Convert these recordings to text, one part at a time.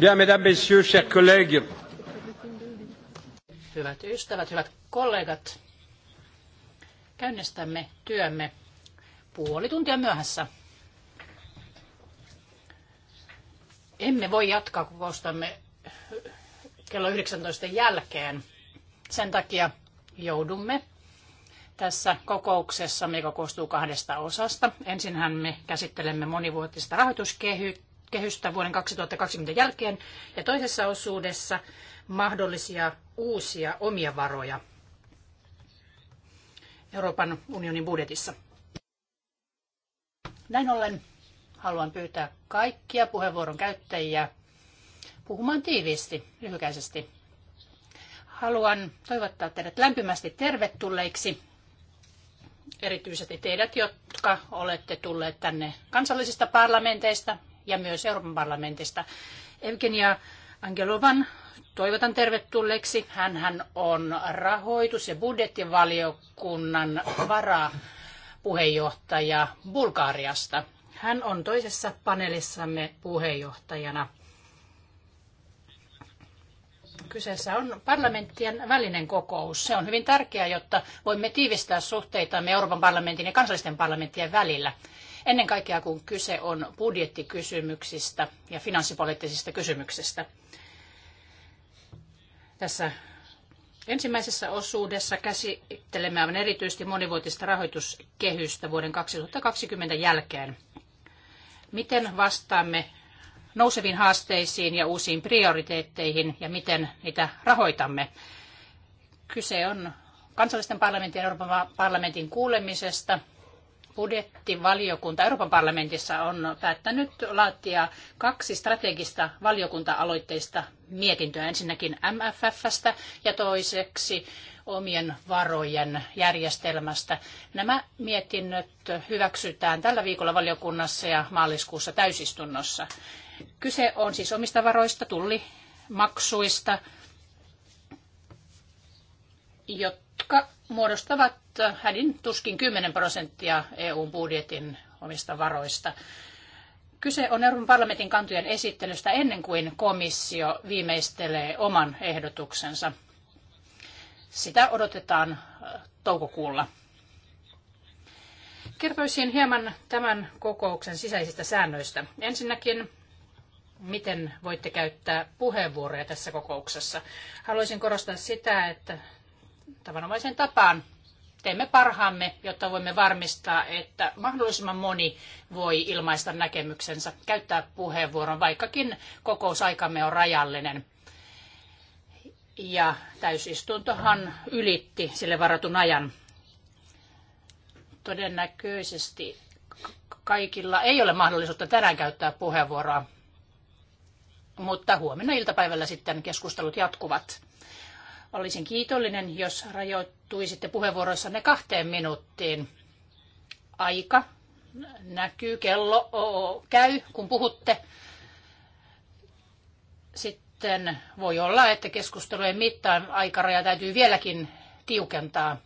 Bien, mesdames, messieurs, chers collègues. Hyvät ystävät, hyvät kollegat, käynnistämme työmme puoli tuntia myöhässä. Emme voi jatkaa kokoustamme kello 19 jälkeen. Sen takia joudumme tässä kokouksessa, mikä koostuu kahdesta osasta. Ensinhän me käsittelemme monivuotista rahoituskehystä kehystä vuoden 2020 jälkeen ja toisessa osuudessa mahdollisia uusia omia varoja Euroopan unionin budjetissa. Näin ollen haluan pyytää kaikkia puheenvuoron käyttäjiä puhumaan tiiviisti, lyhykäisesti. Haluan toivottaa teidät lämpimästi tervetulleiksi, erityisesti teidät, jotka olette tulleet tänne kansallisista parlamenteista, ja myös Euroopan parlamentista. Evgenia Angelovan toivotan tervetulleeksi. hän on rahoitus- ja budjettivaliokunnan varapuheenjohtaja Bulgaariasta. Hän on toisessa paneelissamme puheenjohtajana. Kyseessä on parlamenttien välinen kokous. Se on hyvin tärkeää, jotta voimme tiivistää suhteitamme Euroopan parlamentin ja kansallisten parlamenttien välillä ennen kaikkea kun kyse on budjettikysymyksistä ja finanssipoliittisista kysymyksistä. Tässä ensimmäisessä osuudessa käsittelemme aivan erityisesti monivuotista rahoituskehystä vuoden 2020 jälkeen. Miten vastaamme nouseviin haasteisiin ja uusiin prioriteetteihin ja miten niitä rahoitamme? Kyse on kansallisten parlamentin ja Euroopan parlamentin kuulemisesta budjettivaliokunta Euroopan parlamentissa on päättänyt laatia kaksi strategista valiokunta-aloitteista mietintöä. Ensinnäkin MFFstä ja toiseksi omien varojen järjestelmästä. Nämä mietinnöt hyväksytään tällä viikolla valiokunnassa ja maaliskuussa täysistunnossa. Kyse on siis omista varoista, tullimaksuista, jotka muodostavat hädin tuskin 10 prosenttia EU-budjetin omista varoista. Kyse on Euroopan parlamentin kantojen esittelystä ennen kuin komissio viimeistelee oman ehdotuksensa. Sitä odotetaan toukokuulla. Kertoisin hieman tämän kokouksen sisäisistä säännöistä. Ensinnäkin, miten voitte käyttää puheenvuoroja tässä kokouksessa. Haluaisin korostaa sitä, että tavanomaisen tapaan teemme parhaamme, jotta voimme varmistaa, että mahdollisimman moni voi ilmaista näkemyksensä, käyttää puheenvuoron, vaikkakin kokousaikamme on rajallinen. Ja täysistuntohan ylitti sille varatun ajan. Todennäköisesti kaikilla ei ole mahdollisuutta tänään käyttää puheenvuoroa, mutta huomenna iltapäivällä sitten keskustelut jatkuvat. Olisin kiitollinen, jos rajoittuisitte puheenvuoroissanne kahteen minuuttiin. Aika näkyy, kello käy, kun puhutte. Sitten voi olla, että keskustelujen mittaan aikaraja täytyy vieläkin tiukentaa.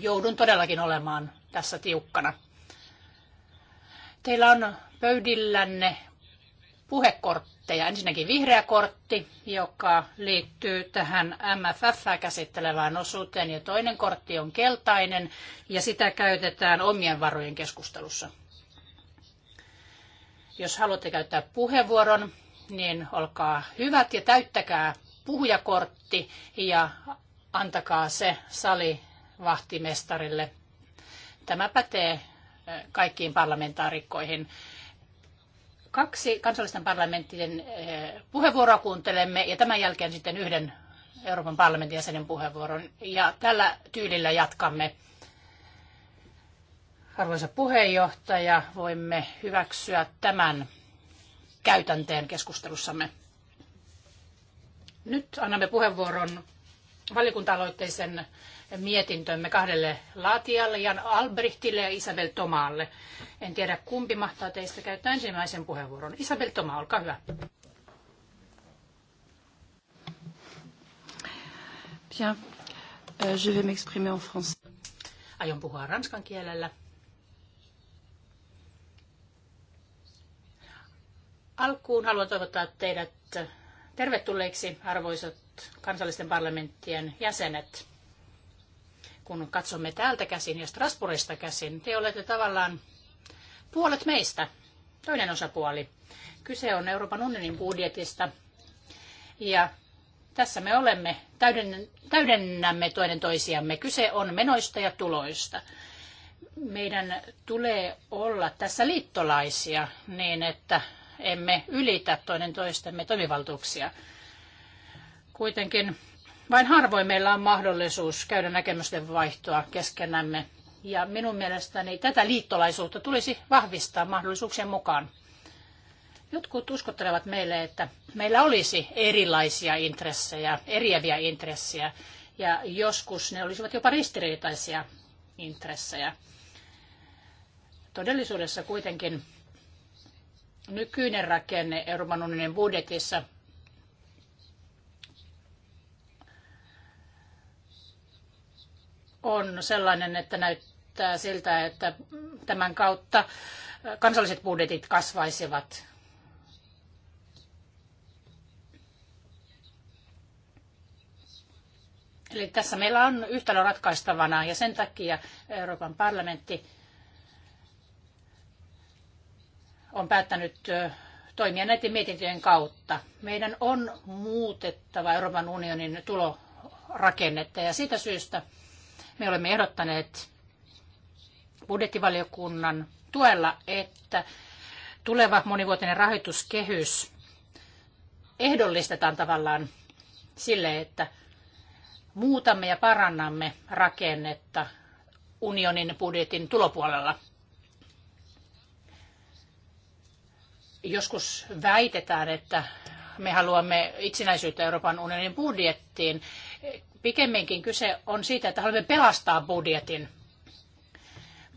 Joudun todellakin olemaan tässä tiukkana. Teillä on pöydillänne puhekortti kortteja. Ensinnäkin vihreä kortti, joka liittyy tähän MFF käsittelevään osuuteen, ja toinen kortti on keltainen, ja sitä käytetään omien varojen keskustelussa. Jos haluatte käyttää puheenvuoron, niin olkaa hyvät ja täyttäkää puhujakortti ja antakaa se salivahtimestarille. Tämä pätee eh, kaikkiin parlamentaarikkoihin kaksi kansallisten parlamenttien eh, puheenvuoroa kuuntelemme ja tämän jälkeen sitten yhden Euroopan parlamentin jäsenen puheenvuoron. Ja tällä tyylillä jatkamme. Arvoisa puheenjohtaja, voimme hyväksyä tämän käytänteen keskustelussamme. Nyt annamme puheenvuoron valiokunta-aloitteisen mietintömme kahdelle laatijalle, Jan Albrechtille ja Isabel Tomaalle. En tiedä, kumpi mahtaa teistä käyttää ensimmäisen puheenvuoron. Isabel Toma, olkaa hyvä. Bien. Euh, je vais m'exprimer en français. Aion puhua ranskan kielellä. Alkuun haluan toivottaa teidät tervetulleiksi, arvoisat kansallisten parlamenttien jäsenet kun katsomme täältä käsin ja Strasbourgista käsin, te olette tavallaan puolet meistä, toinen osapuoli. Kyse on Euroopan unionin budjetista ja tässä me olemme, täydennämme toinen toisiamme. Kyse on menoista ja tuloista. Meidän tulee olla tässä liittolaisia niin, että emme ylitä toinen toistemme toimivaltuuksia. Kuitenkin vain harvoin meillä on mahdollisuus käydä näkemysten vaihtoa keskenämme. Ja minun mielestäni tätä liittolaisuutta tulisi vahvistaa mahdollisuuksien mukaan. Jotkut uskottelevat meille, että meillä olisi erilaisia intressejä, eriäviä intressejä, ja joskus ne olisivat jopa ristiriitaisia intressejä. Todellisuudessa kuitenkin nykyinen rakenne Euroopan unionin budjetissa on sellainen, että näyttää siltä, että tämän kautta kansalliset budjetit kasvaisivat. Eli tässä meillä on yhtälö ratkaistavana ja sen takia Euroopan parlamentti on päättänyt toimia näiden mietintöjen kautta. Meidän on muutettava Euroopan unionin tulorakennetta ja siitä syystä me olemme ehdottaneet budjettivaliokunnan tuella, että tuleva monivuotinen rahoituskehys ehdollistetaan tavallaan sille, että muutamme ja parannamme rakennetta unionin budjetin tulopuolella. Joskus väitetään, että me haluamme itsenäisyyttä Euroopan unionin budjettiin pikemminkin kyse on siitä, että haluamme pelastaa budjetin.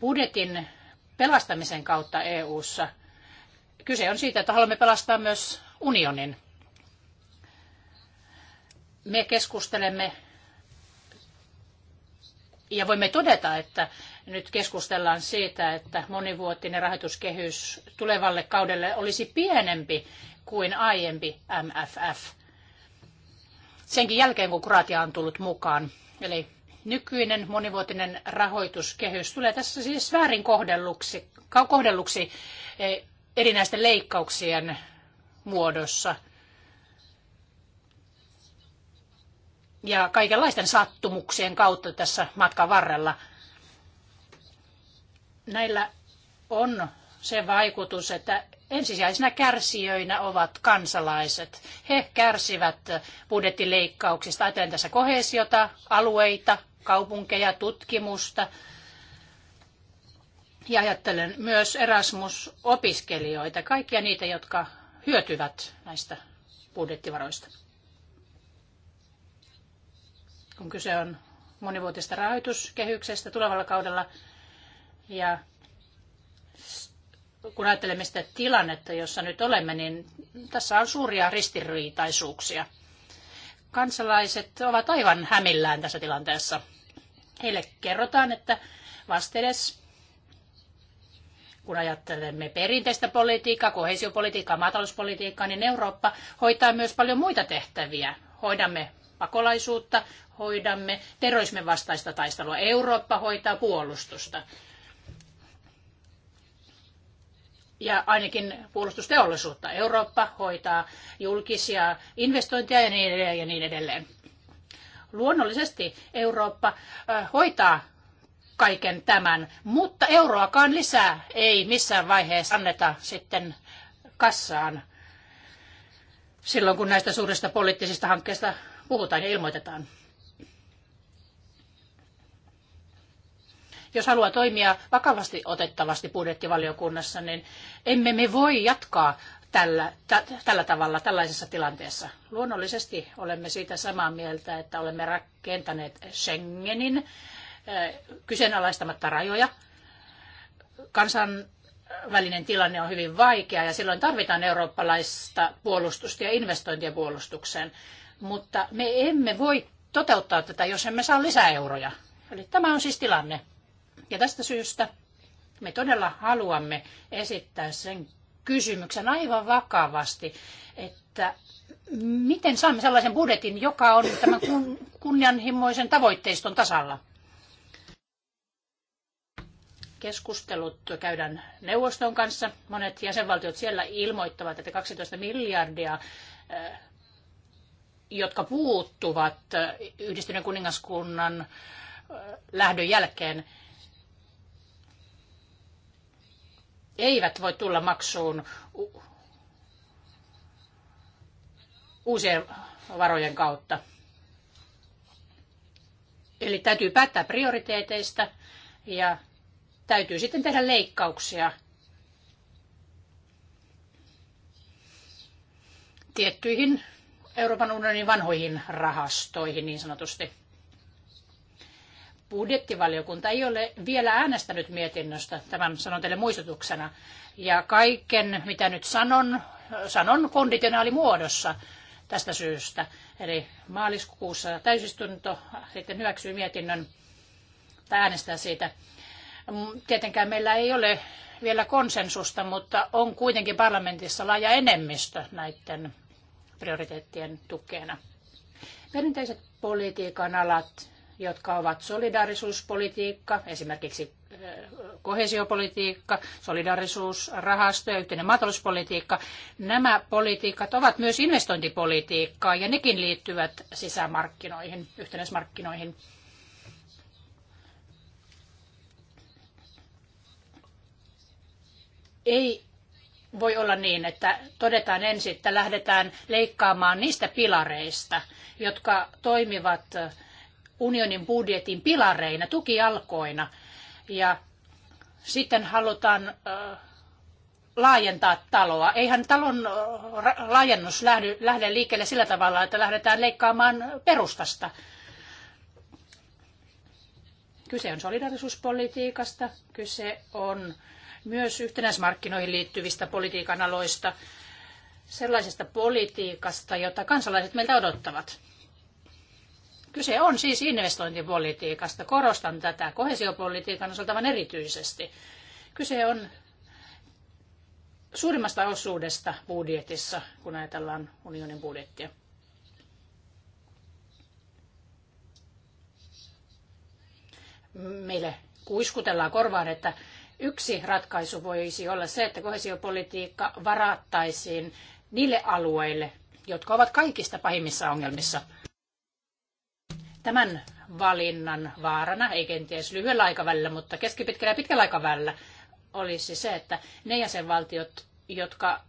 Budjetin pelastamisen kautta EU:ssa. Kyse on siitä, että haluamme pelastaa myös unionin. Me keskustelemme ja voimme todeta, että nyt keskustellaan siitä, että monivuotinen rahoituskehys tulevalle kaudelle olisi pienempi kuin aiempi MFF senkin jälkeen, kun Kroatia on tullut mukaan. Eli nykyinen monivuotinen rahoituskehys tulee tässä siis väärin kohdelluksi, kohdelluksi eh, erinäisten leikkauksien muodossa. Ja kaikenlaisten sattumuksien kautta tässä matkan varrella. Näillä on se vaikutus, että ensisijaisina kärsijöinä ovat kansalaiset. He kärsivät budjettileikkauksista. ajatellen tässä kohesiota, alueita, kaupunkeja, tutkimusta. Ja ajattelen myös Erasmus-opiskelijoita, kaikkia niitä, jotka hyötyvät näistä budjettivaroista. Kun kyse on monivuotista rahoituskehyksestä tulevalla kaudella ja kun ajattelemme sitä tilannetta, jossa nyt olemme, niin tässä on suuria ristiriitaisuuksia. Kansalaiset ovat aivan hämillään tässä tilanteessa. Heille kerrotaan, että vastedes, kun ajattelemme perinteistä politiikkaa, kohesiopolitiikkaa, maatalouspolitiikkaa, niin Eurooppa hoitaa myös paljon muita tehtäviä. Hoidamme pakolaisuutta, hoidamme terrorismin vastaista taistelua. Eurooppa hoitaa puolustusta ja ainakin puolustusteollisuutta. Eurooppa hoitaa julkisia investointeja ja niin edelleen. Ja niin edelleen. Luonnollisesti Eurooppa hoitaa kaiken tämän, mutta euroakaan lisää ei missään vaiheessa anneta sitten kassaan silloin, kun näistä suurista poliittisista hankkeista puhutaan ja ilmoitetaan. Jos haluaa toimia vakavasti otettavasti budjettivaliokunnassa, niin emme me voi jatkaa tällä, tällä tavalla, tällaisessa tilanteessa. Luonnollisesti olemme siitä samaa mieltä, että olemme rakentaneet Schengenin eh, kyseenalaistamatta rajoja. Kansan eh, välinen tilanne on hyvin vaikea ja silloin tarvitaan eurooppalaista puolustusta ja investointia puolustukseen. Mutta me emme voi toteuttaa tätä, jos emme saa lisää euroja. Eli tämä on siis tilanne. Ja tästä syystä me todella haluamme esittää sen kysymyksen aivan vakavasti, että miten saamme sellaisen budjetin, joka on tämän kunnianhimoisen tavoitteiston tasalla? Keskustelut käydään neuvoston kanssa. Monet jäsenvaltiot siellä ilmoittavat, että 12 miljardia eh, jotka puuttuvat eh, yhdistyneen kuningaskunnan eh, lähdön jälkeen, eivät voi tulla maksuun uusien varojen kautta. Eli täytyy päättää prioriteeteista ja täytyy sitten tehdä leikkauksia tiettyihin Euroopan unionin vanhoihin rahastoihin niin sanotusti budjettivaliokunta ei ole vielä äänestänyt mietinnöstä, tämän sanon teille muistutuksena. Ja kaiken, mitä nyt sanon, sanon konditionaalimuodossa tästä syystä. Eli maaliskuussa täysistunto sitten hyväksyy mietinnön tai äänestää siitä. Mm, tietenkään meillä ei ole vielä konsensusta, mutta on kuitenkin parlamentissa laaja enemmistö näiden prioriteettien tukena. Perinteiset politiikan alat, jotka ovat solidaarisuuspolitiikka, esimerkiksi äh, kohesiopolitiikka, solidaarisuusrahasto ja yhteinen maatalouspolitiikka. Nämä politiikat ovat myös investointipolitiikkaa ja nekin liittyvät sisämarkkinoihin, yhtenäismarkkinoihin. Ei voi olla niin, että todetaan ensin, että lähdetään leikkaamaan niistä pilareista, jotka toimivat unionin budjetin pilareina, tukialkoina. Ja sitten halutaan laajentaa taloa. Eihän talon laajennus lähde, lähde liikkeelle sillä tavalla, että lähdetään leikkaamaan perustasta. Kyse on solidarisuuspolitiikasta, kyse on myös yhtenäismarkkinoihin liittyvistä politiikan aloista, sellaisesta politiikasta, jota kansalaiset meiltä odottavat. Kyse on siis investointipolitiikasta. Korostan tätä kohesiopolitiikan osalta vaan erityisesti. Kyse on suurimmasta osuudesta budjetissa, kun ajatellaan unionin budjettia. Meille kuiskutellaan korvaan, että yksi ratkaisu voisi olla se, että kohesiopolitiikka varattaisiin niille alueille, jotka ovat kaikista pahimmissa ongelmissa – Tämän valinnan vaarana, ei kenties lyhyellä aikavälillä, mutta keskipitkällä ja pitkällä aikavälillä, olisi se, että ne jäsenvaltiot, jotka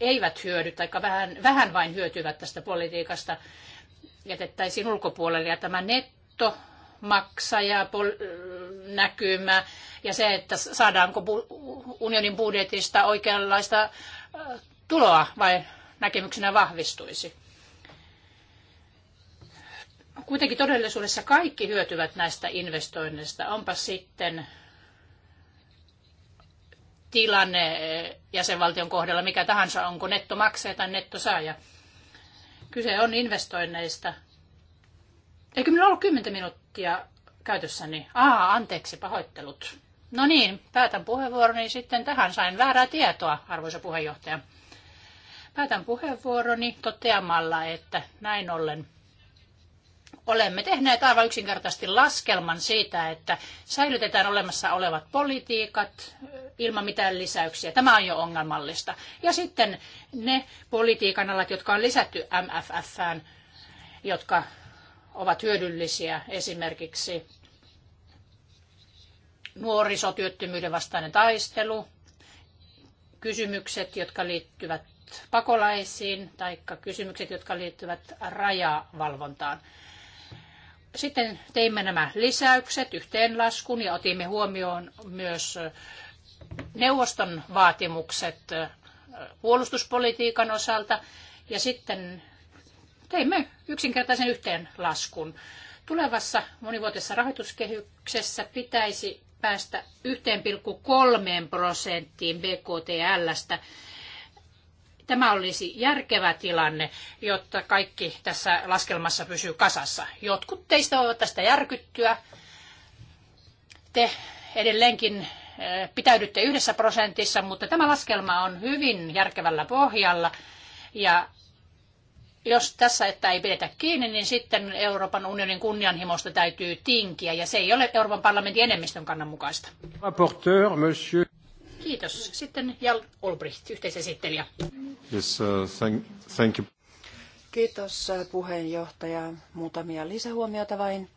eivät hyödy tai vähän, vähän vain hyötyvät tästä politiikasta, jätettäisiin ulkopuolelle. Ja tämä nettomaksaja näkymä ja se, että saadaanko unionin budjetista oikeanlaista äh, tuloa vai näkemyksenä vahvistuisi. Kuitenkin todellisuudessa kaikki hyötyvät näistä investoinneista. Onpa sitten tilanne jäsenvaltion kohdalla mikä tahansa, onko nettomaksaja tai nettosaaja. Kyse on investoinneista. Eikö minulla ollut kymmentä minuuttia käytössäni? Aa, anteeksi, pahoittelut. No niin, päätän puheenvuoroni sitten tähän. Sain väärää tietoa, arvoisa puheenjohtaja. Päätän puheenvuoroni toteamalla, että näin ollen Olemme tehneet aivan yksinkertaisesti laskelman siitä, että säilytetään olemassa olevat politiikat ilman mitään lisäyksiä. Tämä on jo ongelmallista. Ja sitten ne politiikan alat, jotka on lisätty MFFään, jotka ovat hyödyllisiä esimerkiksi nuorisotyöttömyyden vastainen taistelu, kysymykset, jotka liittyvät pakolaisiin tai kysymykset, jotka liittyvät rajavalvontaan. Sitten teimme nämä lisäykset, yhteenlaskun ja otimme huomioon myös neuvoston vaatimukset puolustuspolitiikan osalta ja sitten teimme yksinkertaisen yhteenlaskun. Tulevassa monivuotisessa rahoituskehyksessä pitäisi päästä 1,3 prosenttiin BKTLstä Tämä olisi järkevä tilanne, jotta kaikki tässä laskelmassa pysyy kasassa. Jotkut teistä voivat tästä järkyttyä. Te edelleenkin eh, pitäydytte yhdessä prosentissa, mutta tämä laskelma on hyvin järkevällä pohjalla. Ja jos tässä että ei pidetä kiinni, niin sitten Euroopan unionin kunnianhimosta täytyy tinkiä, ja se ei ole Euroopan parlamentin enemmistön kannan mukaista. Rapporteur, monsieur... Kiitos. Sitten Jal Olbricht, yhteisesittelijä. Yes, uh, thank, thank you. Kiitos uh, puheenjohtaja. Muutamia lisähuomioita vain.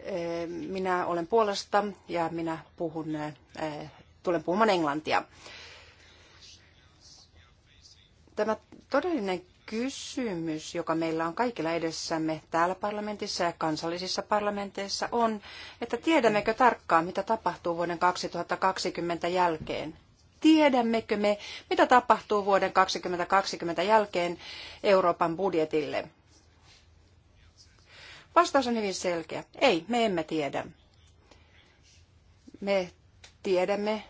Eh, minä olen Puolasta ja minä puhun, eh, tulen puhumaan englantia. Tämä todellinen kysymys, joka meillä on kaikilla edessämme täällä parlamentissa ja kansallisissa parlamenteissa, on, että tiedämmekö tarkkaan, mitä tapahtuu vuoden 2020 jälkeen? Tiedämmekö me, mitä tapahtuu vuoden 2020 jälkeen Euroopan budjetille? Vastaus on hyvin selkeä. Ei, me emme tiedä. Me tiedämme,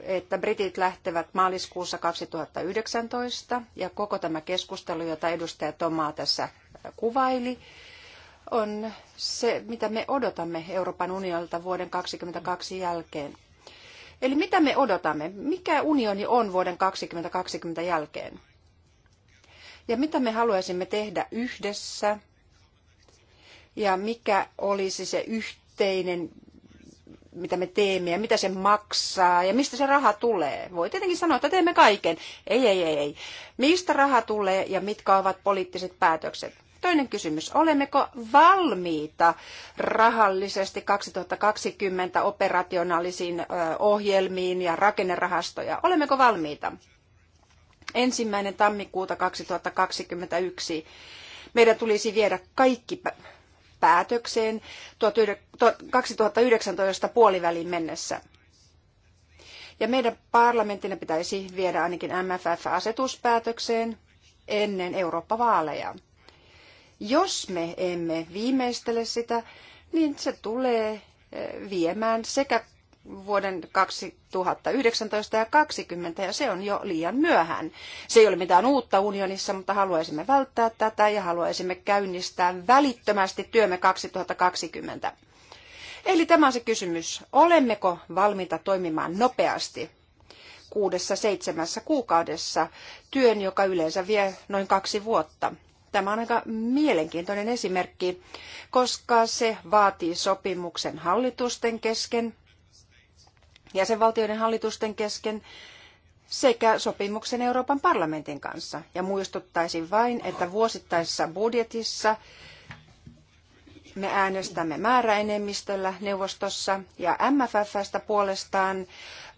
että britit lähtevät maaliskuussa 2019 ja koko tämä keskustelu, jota edustaja Tomaa tässä kuvaili, on se, mitä me odotamme Euroopan unionilta vuoden 2022 jälkeen. Eli mitä me odotamme? Mikä unioni on vuoden 2020 jälkeen? Ja mitä me haluaisimme tehdä yhdessä? Ja mikä olisi se yhteinen mitä me teemme ja mitä se maksaa ja mistä se raha tulee. Voi tietenkin sanoa, että teemme kaiken. Ei, ei, ei, ei. Mistä raha tulee ja mitkä ovat poliittiset päätökset? Toinen kysymys, olemmeko valmiita rahallisesti 2020 operationaalisiin ohjelmiin ja rakennerahastoja? Olemmeko valmiita? Ensimmäinen tammikuuta 2021 meidän tulisi viedä kaikki päätökseen 2019 puoliväliin mennessä. Ja meidän parlamenttina pitäisi viedä ainakin MFF-asetuspäätökseen ennen Eurooppa-vaaleja. Jos me emme viimeistele sitä, niin se tulee eh, viemään sekä vuoden 2019 ja 2020 ja se on jo liian myöhään. Se ei ole mitään uutta unionissa, mutta haluaisimme välttää tätä ja haluaisimme käynnistää välittömästi työmme 2020. Eli tämä on se kysymys, olemmeko valmiita toimimaan nopeasti kuudessa seitsemässä kuukaudessa työn, joka yleensä vie noin kaksi vuotta. Tämä on aika mielenkiintoinen esimerkki, koska se vaatii sopimuksen hallitusten kesken, jäsenvaltioiden hallitusten kesken sekä sopimuksen Euroopan parlamentin kanssa. Ja muistuttaisin vain, että vuosittaisessa budjetissa me äänestämme määräenemmistöllä neuvostossa ja MFFstä puolestaan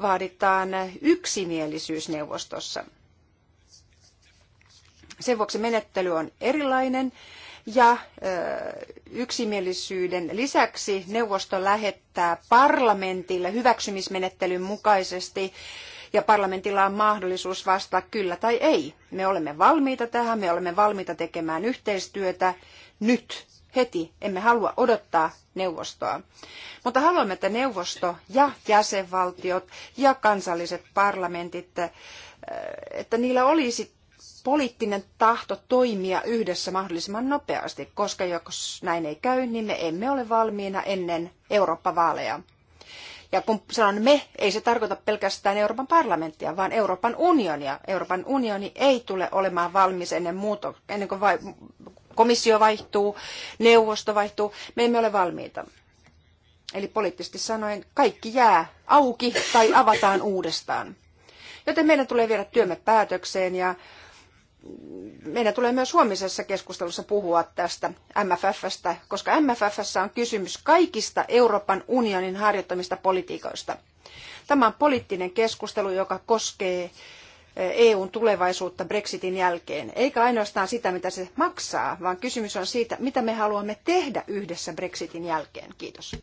vaaditaan yksimielisyys neuvostossa. Sen vuoksi menettely on erilainen ja yksimielisyyden lisäksi neuvosto lähettää parlamentille hyväksymismenettelyn mukaisesti ja parlamentilla on mahdollisuus vastata kyllä tai ei. Me olemme valmiita tähän, me olemme valmiita tekemään yhteistyötä nyt, heti. Emme halua odottaa neuvostoa. Mutta haluamme, että neuvosto ja jäsenvaltiot ja kansalliset parlamentit, että niillä olisi poliittinen tahto toimia yhdessä mahdollisimman nopeasti, koska jos näin ei käy, niin me emme ole valmiina ennen Eurooppa-vaaleja. Ja kun sanon me, ei se tarkoita pelkästään Euroopan parlamenttia, vaan Euroopan unionia. Euroopan unioni ei tule olemaan valmis ennen, muuto, ennen kuin vai, komissio vaihtuu, neuvosto vaihtuu. Me emme ole valmiita. Eli poliittisesti sanoen, kaikki jää auki tai avataan uudestaan. Joten meidän tulee viedä työmme päätökseen ja meidän tulee myös huomisessa keskustelussa puhua tästä MFFstä, koska MFFssä on kysymys kaikista Euroopan unionin harjoittamista politiikoista. Tämä on poliittinen keskustelu, joka koskee eh, EUn tulevaisuutta Brexitin jälkeen, eikä ainoastaan sitä, mitä se maksaa, vaan kysymys on siitä, mitä me haluamme tehdä yhdessä Brexitin jälkeen. Kiitos.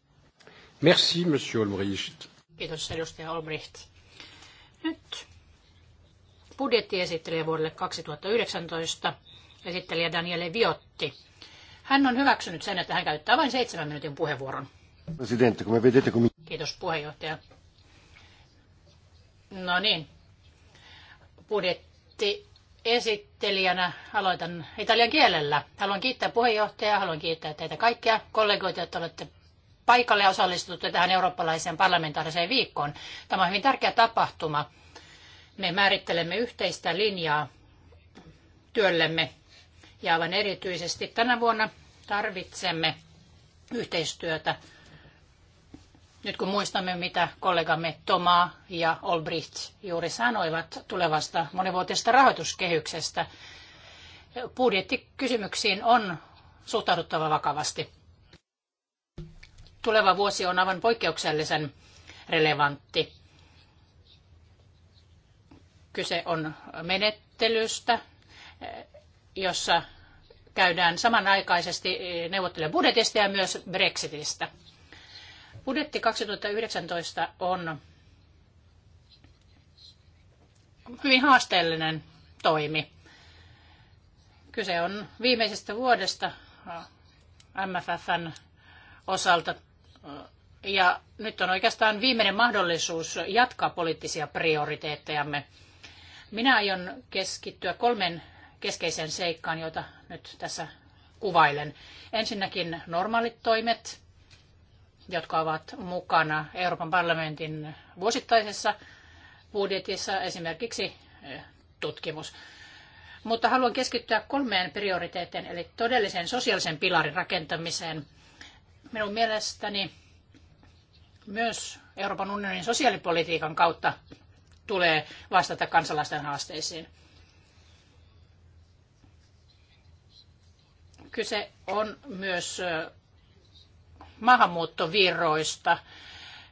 Merci, monsieur Olbricht. Kiitos, edustaja Olbricht. Nyt esittelee vuodelle 2019, esittelijä Daniele Viotti. Hän on hyväksynyt sen, että hän käyttää vain seitsemän minuutin puheenvuoron. Kiitos puheenjohtaja. No niin. esittelijänä aloitan italian kielellä. Haluan kiittää puheenjohtajaa, haluan kiittää teitä kaikkia kollegoita, että olette paikalle ja osallistutte tähän eurooppalaiseen parlamentaariseen viikkoon. Tämä on hyvin tärkeä tapahtuma me määrittelemme yhteistä linjaa työllemme ja aivan erityisesti tänä vuonna tarvitsemme yhteistyötä. Nyt kun muistamme, mitä kollegamme Toma ja Olbricht juuri sanoivat tulevasta monivuotisesta rahoituskehyksestä, budjettikysymyksiin on suhtauduttava vakavasti. Tuleva vuosi on aivan poikkeuksellisen relevantti. Kyse on menettelystä, jossa käydään samanaikaisesti neuvotteluja budjetista ja myös Brexitistä. Budjetti 2019 on hyvin haasteellinen toimi. Kyse on viimeisestä vuodesta MFFn osalta ja nyt on oikeastaan viimeinen mahdollisuus jatkaa poliittisia prioriteettejamme minä aion keskittyä kolmen keskeiseen seikkaan, joita nyt tässä kuvailen. Ensinnäkin normaalit toimet, jotka ovat mukana Euroopan parlamentin vuosittaisessa budjetissa, esimerkiksi eh, tutkimus. Mutta haluan keskittyä kolmeen prioriteetteen, eli todellisen sosiaalisen pilarin rakentamiseen. Minun mielestäni myös Euroopan unionin sosiaalipolitiikan kautta tulee vastata kansalaisten haasteisiin. Kyse on myös maahanmuuttovirroista,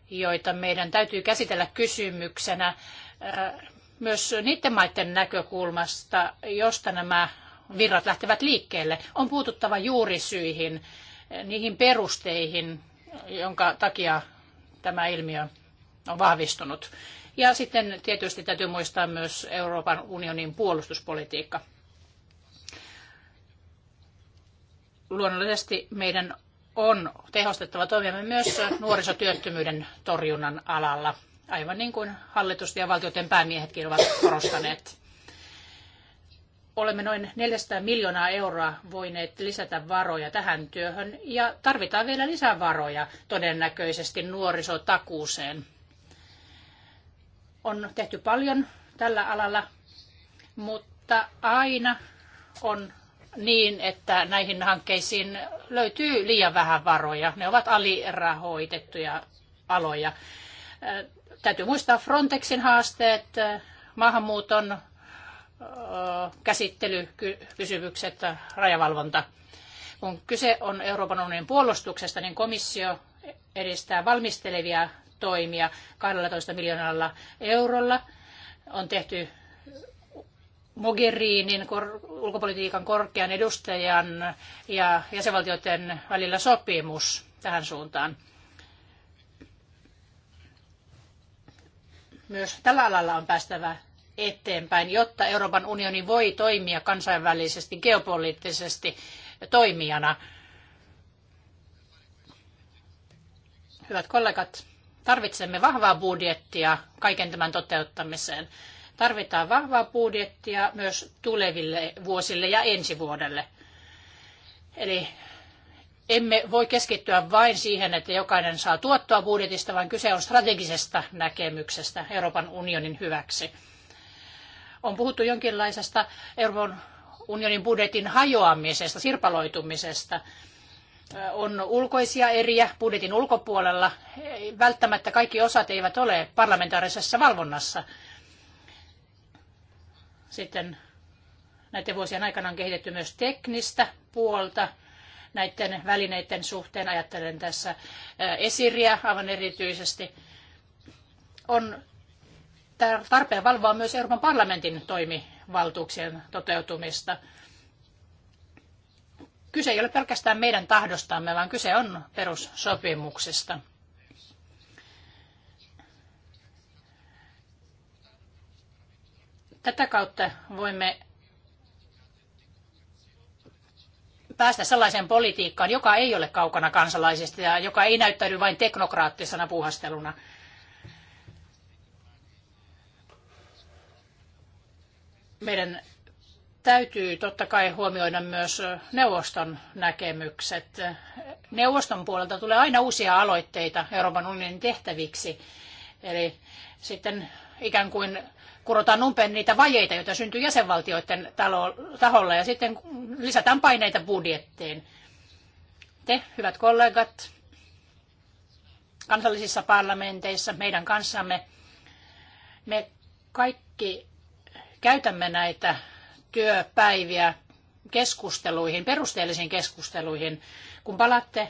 joita meidän täytyy käsitellä kysymyksenä myös niiden maiden näkökulmasta, josta nämä virrat lähtevät liikkeelle. On puututtava juurisyihin, niihin perusteihin, jonka takia tämä ilmiö on vahvistunut. Ja sitten tietysti täytyy muistaa myös Euroopan unionin puolustuspolitiikka. Luonnollisesti meidän on tehostettava toimiamme myös nuorisotyöttömyyden torjunnan alalla, aivan niin kuin hallitus ja valtioiden päämiehetkin ovat korostaneet olemme noin 400 miljoonaa euroa voineet lisätä varoja tähän työhön ja tarvitaan vielä lisää varoja todennäköisesti nuorisotakuuseen. On tehty paljon tällä alalla, mutta aina on niin, että näihin hankkeisiin löytyy liian vähän varoja. Ne ovat alirahoitettuja aloja. Täytyy muistaa Frontexin haasteet, maahanmuuton käsittelykysymykset, rajavalvonta. Kun kyse on Euroopan unionin puolustuksesta, niin komissio edistää valmistelevia toimia 12 miljoonalla eurolla. On tehty Mogherinin ulkopolitiikan korkean edustajan ja jäsenvaltioiden välillä sopimus tähän suuntaan. Myös tällä alalla on päästävä eteenpäin, jotta Euroopan unioni voi toimia kansainvälisesti, geopoliittisesti toimijana. Hyvät kollegat, Tarvitsemme vahvaa budjettia kaiken tämän toteuttamiseen. Tarvitaan vahvaa budjettia myös tuleville vuosille ja ensi vuodelle. Eli emme voi keskittyä vain siihen, että jokainen saa tuottoa budjetista, vaan kyse on strategisesta näkemyksestä Euroopan unionin hyväksi. On puhuttu jonkinlaisesta Euroopan unionin budjetin hajoamisesta, sirpaloitumisesta on ulkoisia eriä budjetin ulkopuolella. Välttämättä kaikki osat eivät ole parlamentaarisessa valvonnassa. Sitten näiden vuosien aikana on kehitetty myös teknistä puolta näiden välineiden suhteen. Ajattelen tässä esiriä aivan erityisesti. On tarpeen valvoa myös Euroopan parlamentin toimivaltuuksien toteutumista. Kyse ei ole pelkästään meidän tahdostamme, vaan kyse on perussopimuksesta. Tätä kautta voimme päästä sellaiseen politiikkaan, joka ei ole kaukana kansalaisista ja joka ei näyttäydy vain teknokraattisena puuhasteluna. Meidän täytyy totta kai huomioida myös neuvoston näkemykset. Neuvoston puolelta tulee aina uusia aloitteita Euroopan unionin tehtäviksi. Eli sitten ikään kuin kurotaan umpeen niitä vajeita, joita syntyy jäsenvaltioiden taholla ja sitten lisätään paineita budjettiin. Te, hyvät kollegat, kansallisissa parlamenteissa, meidän kanssamme, me kaikki käytämme näitä työpäiviä keskusteluihin, perusteellisiin keskusteluihin. Kun palatte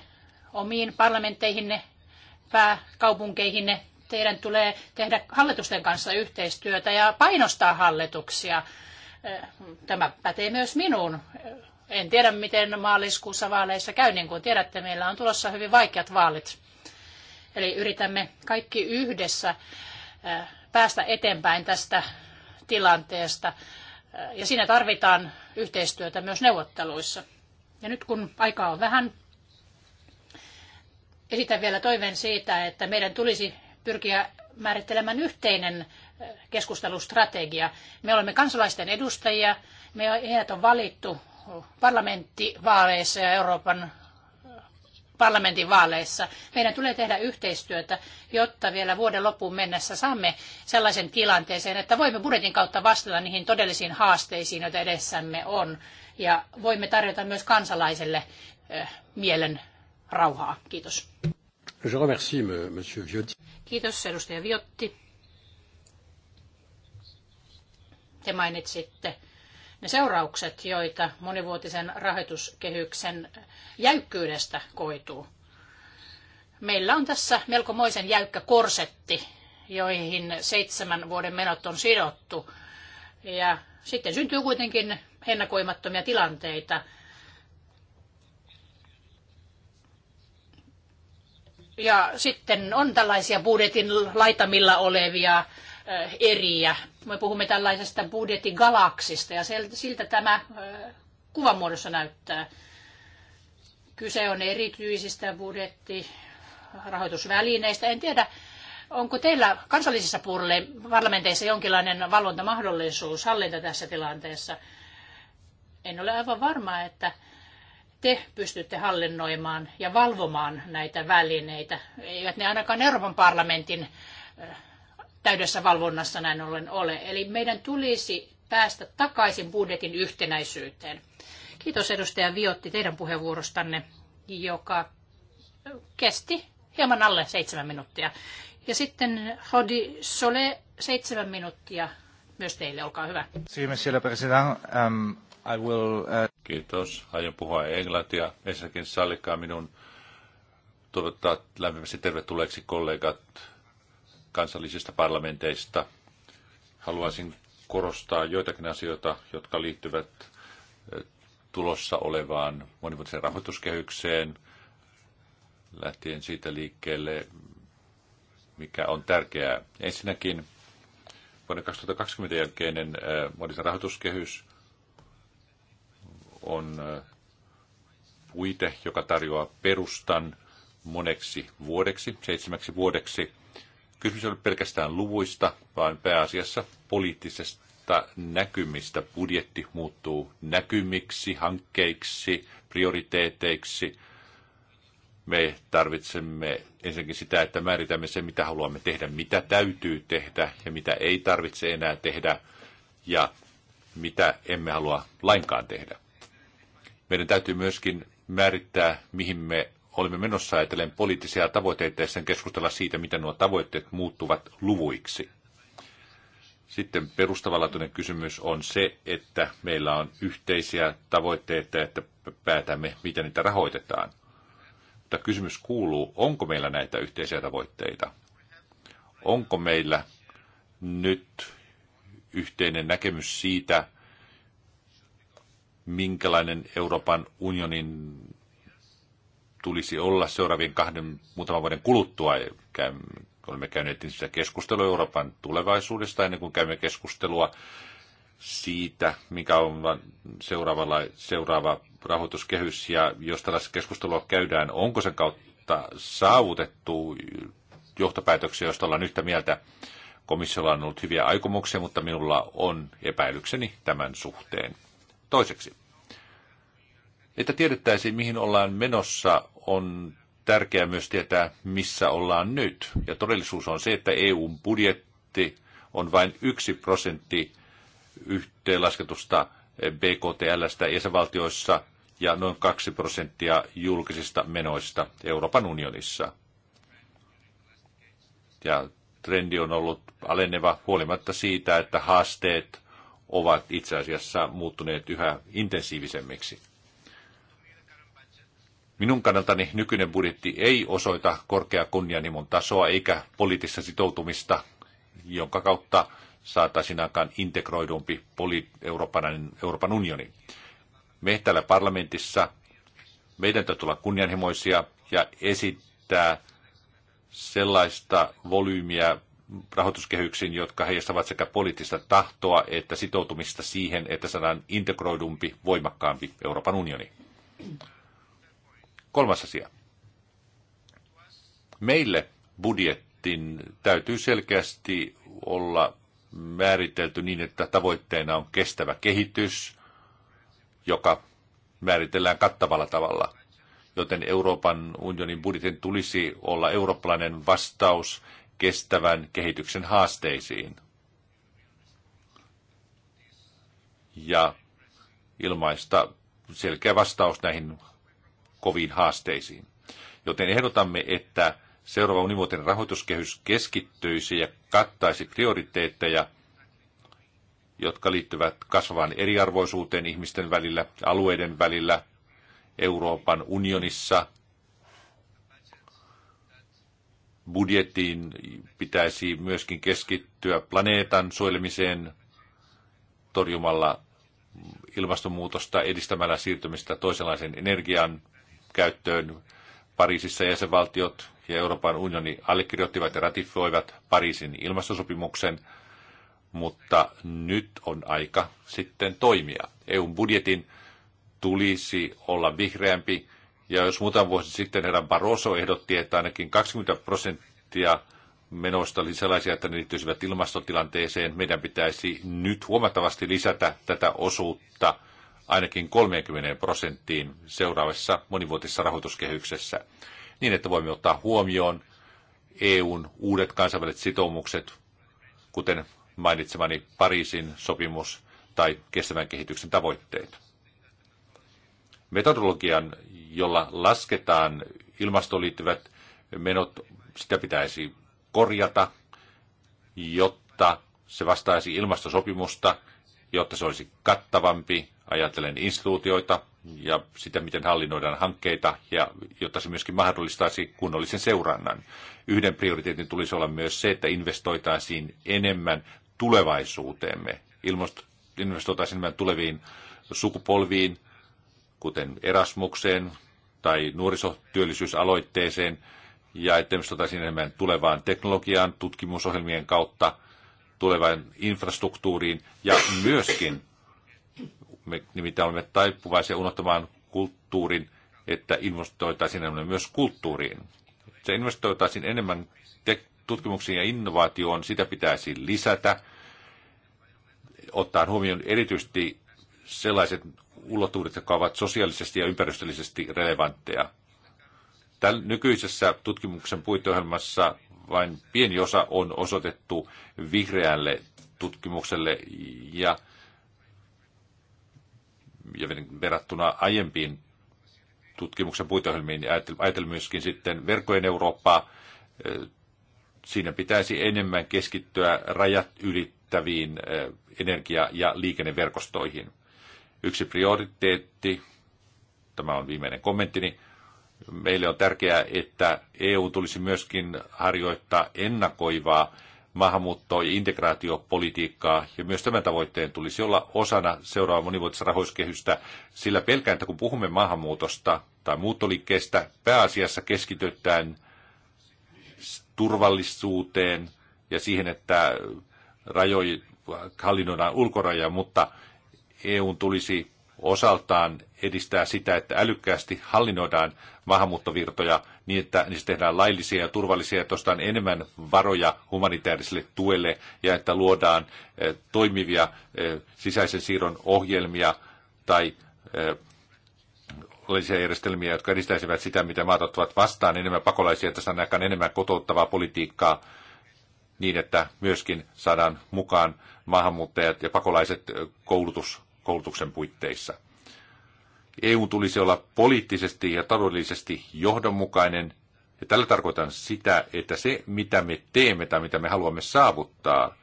omiin parlamentteihinne, pääkaupunkeihinne, teidän tulee tehdä hallitusten kanssa yhteistyötä ja painostaa hallituksia. Tämä pätee myös minuun. En tiedä, miten maaliskuussa vaaleissa käy, niin kuin tiedätte, meillä on tulossa hyvin vaikeat vaalit. Eli yritämme kaikki yhdessä päästä eteenpäin tästä tilanteesta ja siinä tarvitaan yhteistyötä myös neuvotteluissa. Ja nyt kun aikaa on vähän, esitän vielä toiveen siitä, että meidän tulisi pyrkiä määrittelemään yhteinen keskustelustrategia. Me olemme kansalaisten edustajia, me heidät on valittu parlamenttivaaleissa ja Euroopan parlamentin vaaleissa. Meidän tulee tehdä yhteistyötä, jotta vielä vuoden loppuun mennessä saamme sellaisen tilanteeseen, että voimme budjetin kautta vastata niihin todellisiin haasteisiin, joita edessämme on. Ja voimme tarjota myös kansalaiselle mielen rauhaa. Kiitos. Je remercie, monsieur Viotti. Kiitos, edustaja Viotti. Te mainitsitte ne seuraukset, joita monivuotisen rahoituskehyksen jäykkyydestä koituu. Meillä on tässä melkomoisen jäykkä korsetti, joihin seitsemän vuoden menot on sidottu. Ja sitten syntyy kuitenkin ennakoimattomia tilanteita. Ja sitten on tällaisia budjetin laitamilla olevia eriä. Me puhumme tällaisesta budjettigalaksista ja siltä tämä kuvan muodossa näyttää. Kyse on erityisistä budjettirahoitusvälineistä. En tiedä, onko teillä kansallisissa parlamenteissa jonkinlainen valvontamahdollisuus, hallinta tässä tilanteessa? En ole aivan varma, että te pystytte hallinnoimaan ja valvomaan näitä välineitä. Eivät ne ainakaan Euroopan parlamentin täydessä valvonnassa näin ollen ole. Eli meidän tulisi päästä takaisin budjetin yhtenäisyyteen. Kiitos edustaja Viotti teidän puheenvuorostanne, joka kesti hieman alle seitsemän minuuttia. Ja sitten Hodi Sole, seitsemän minuuttia myös teille, olkaa hyvä. Um, uh, Kiitos, aion puhua englantia. Ensinnäkin sallikaa minun toivottaa lämpimästi tervetulleeksi kollegat kansallisista parlamenteista. Haluaisin korostaa joitakin asioita, jotka liittyvät tulossa olevaan monivuotiseen rahoituskehykseen, lähtien siitä liikkeelle, mikä on tärkeää. Ensinnäkin vuoden 2020 jälkeinen monivuotisen rahoituskehys on puite, joka tarjoaa perustan moneksi vuodeksi, seitsemäksi vuodeksi, Kysymys ei ole pelkästään luvuista, vaan pääasiassa poliittisesta näkymistä. Budjetti muuttuu näkymiksi, hankkeiksi, prioriteeteiksi. Me tarvitsemme ensinnäkin sitä, että määritämme sen, mitä haluamme tehdä, mitä täytyy tehdä ja mitä ei tarvitse enää tehdä ja mitä emme halua lainkaan tehdä. Meidän täytyy myöskin määrittää, mihin me olemme menossa ajatellen poliittisia tavoitteita ja sen keskustella siitä, miten nuo tavoitteet muuttuvat luvuiksi. Sitten perustavanlaatuinen kysymys on se, että meillä on yhteisiä tavoitteita, että päätämme, miten niitä rahoitetaan. Mutta kysymys kuuluu, onko meillä näitä yhteisiä tavoitteita? Onko meillä nyt yhteinen näkemys siitä, minkälainen Euroopan unionin tulisi olla seuraavien kahden muutaman vuoden kuluttua. Olemme käyneet ensin keskustelua Euroopan tulevaisuudesta ennen kuin käymme keskustelua siitä, mikä on seuraavalla, seuraava rahoituskehys ja jos tällaista keskustelua käydään, onko sen kautta saavutettu johtopäätöksiä, joista ollaan yhtä mieltä. Komissiolla on ollut hyviä aikomuksia, mutta minulla on epäilykseni tämän suhteen. Toiseksi. Että tiedettäisiin, mihin ollaan menossa, on tärkeää myös tietää, missä ollaan nyt. Ja todellisuus on se, että EUn budjetti on vain yksi prosentti yhteenlasketusta BKTLstä jäsenvaltioissa ja noin kaksi prosenttia julkisista menoista Euroopan unionissa. Ja trendi on ollut aleneva huolimatta siitä, että haasteet ovat itse asiassa muuttuneet yhä intensiivisemmiksi. Minun kannaltani nykyinen budjetti ei osoita korkea kunnianimon tasoa eikä poliittista sitoutumista, jonka kautta saataisiin aikaan integroidumpi Euroopan, Euroopan unioni. Me täällä parlamentissa, meidän täytyy olla kunnianhimoisia ja esittää sellaista volyymiä rahoituskehyksiin, jotka heijastavat sekä poliittista tahtoa että sitoutumista siihen, että saadaan integroidumpi, voimakkaampi Euroopan unioni. Kolmas asia. Meille budjettin täytyy selkeästi olla määritelty niin, että tavoitteena on kestävä kehitys, joka määritellään kattavalla tavalla. Joten Euroopan unionin budjetin tulisi olla eurooppalainen vastaus kestävän kehityksen haasteisiin. Ja ilmaista selkeä vastaus näihin koviin haasteisiin. Joten ehdotamme, että seuraava univuotinen rahoituskehys keskittyisi ja kattaisi prioriteetteja, jotka liittyvät kasvavaan eriarvoisuuteen ihmisten välillä, alueiden välillä, Euroopan unionissa. Budjettiin pitäisi myöskin keskittyä planeetan suojelemiseen torjumalla ilmastonmuutosta edistämällä siirtymistä toisenlaisen energian käyttöön Pariisissa jäsenvaltiot ja Euroopan unioni allekirjoittivat ja ratifioivat Pariisin ilmastosopimuksen, mutta nyt on aika sitten toimia. EUn budjetin tulisi olla vihreämpi, ja jos muutama vuosi sitten herra Barroso ehdotti, että ainakin 20 prosenttia menoista oli sellaisia, että ne liittyisivät ilmastotilanteeseen, meidän pitäisi nyt huomattavasti lisätä tätä osuutta – ainakin 30 prosenttiin seuraavassa monivuotisessa rahoituskehyksessä, niin että voimme ottaa huomioon EUn uudet kansainväliset sitoumukset, kuten mainitsemani Pariisin sopimus tai kestävän kehityksen tavoitteet. Metodologian, jolla lasketaan ilmastoon liittyvät menot, sitä pitäisi korjata, jotta se vastaisi ilmastosopimusta, jotta se olisi kattavampi ajatellen instituutioita ja sitä, miten hallinnoidaan hankkeita, ja jotta se myöskin mahdollistaisi kunnollisen seurannan. Yhden prioriteetin tulisi olla myös se, että investoitaisiin enemmän tulevaisuuteemme, Ilmast- investoitaisiin enemmän tuleviin sukupolviin, kuten Erasmukseen tai nuorisotyöllisyysaloitteeseen, ja että investoitaisiin enemmän tulevaan teknologiaan tutkimusohjelmien kautta, tulevaan infrastruktuuriin ja myöskin me nimittäin olemme taipuvaisia unohtamaan kulttuurin, että investoitaisiin enemmän myös kulttuuriin. Se investoitaisiin enemmän tutkimuksiin ja innovaatioon, sitä pitäisi lisätä, ottaa huomioon erityisesti sellaiset ulottuvuudet, jotka ovat sosiaalisesti ja ympäristöllisesti relevantteja. Tällä nykyisessä tutkimuksen puitteohjelmassa vain pieni osa on osoitettu vihreälle tutkimukselle ja ja verrattuna aiempiin tutkimuksen puiteohjelmiin, niin ajatellen myöskin sitten verkkojen Eurooppaa, siinä pitäisi enemmän keskittyä rajat ylittäviin energia- ja liikenneverkostoihin. Yksi prioriteetti, tämä on viimeinen kommenttini, meille on tärkeää, että EU tulisi myöskin harjoittaa ennakoivaa maahanmuutto- ja integraatiopolitiikkaa, ja myös tämän tavoitteen tulisi olla osana seuraavaa monivuotista rahoiskehystä, sillä pelkään, että kun puhumme maahanmuutosta tai muuttoliikkeestä, pääasiassa keskitytään turvallisuuteen ja siihen, että rajoja hallinnoidaan ulkoraja, mutta EUn tulisi osaltaan edistää sitä, että älykkäästi hallinnoidaan maahanmuuttovirtoja niin, että niistä tehdään laillisia ja turvallisia, että ostetaan enemmän varoja humanitaariselle tuelle ja että luodaan eh, toimivia eh, sisäisen siirron ohjelmia tai eh, laillisia järjestelmiä, jotka edistäisivät sitä, mitä maat ottavat vastaan enemmän pakolaisia, että saadaan aikaan enemmän kotouttavaa politiikkaa niin, että myöskin saadaan mukaan maahanmuuttajat ja pakolaiset koulutus koulutuksen puitteissa. EU tulisi olla poliittisesti ja taloudellisesti johdonmukainen, ja tällä tarkoitan sitä, että se mitä me teemme tai mitä me haluamme saavuttaa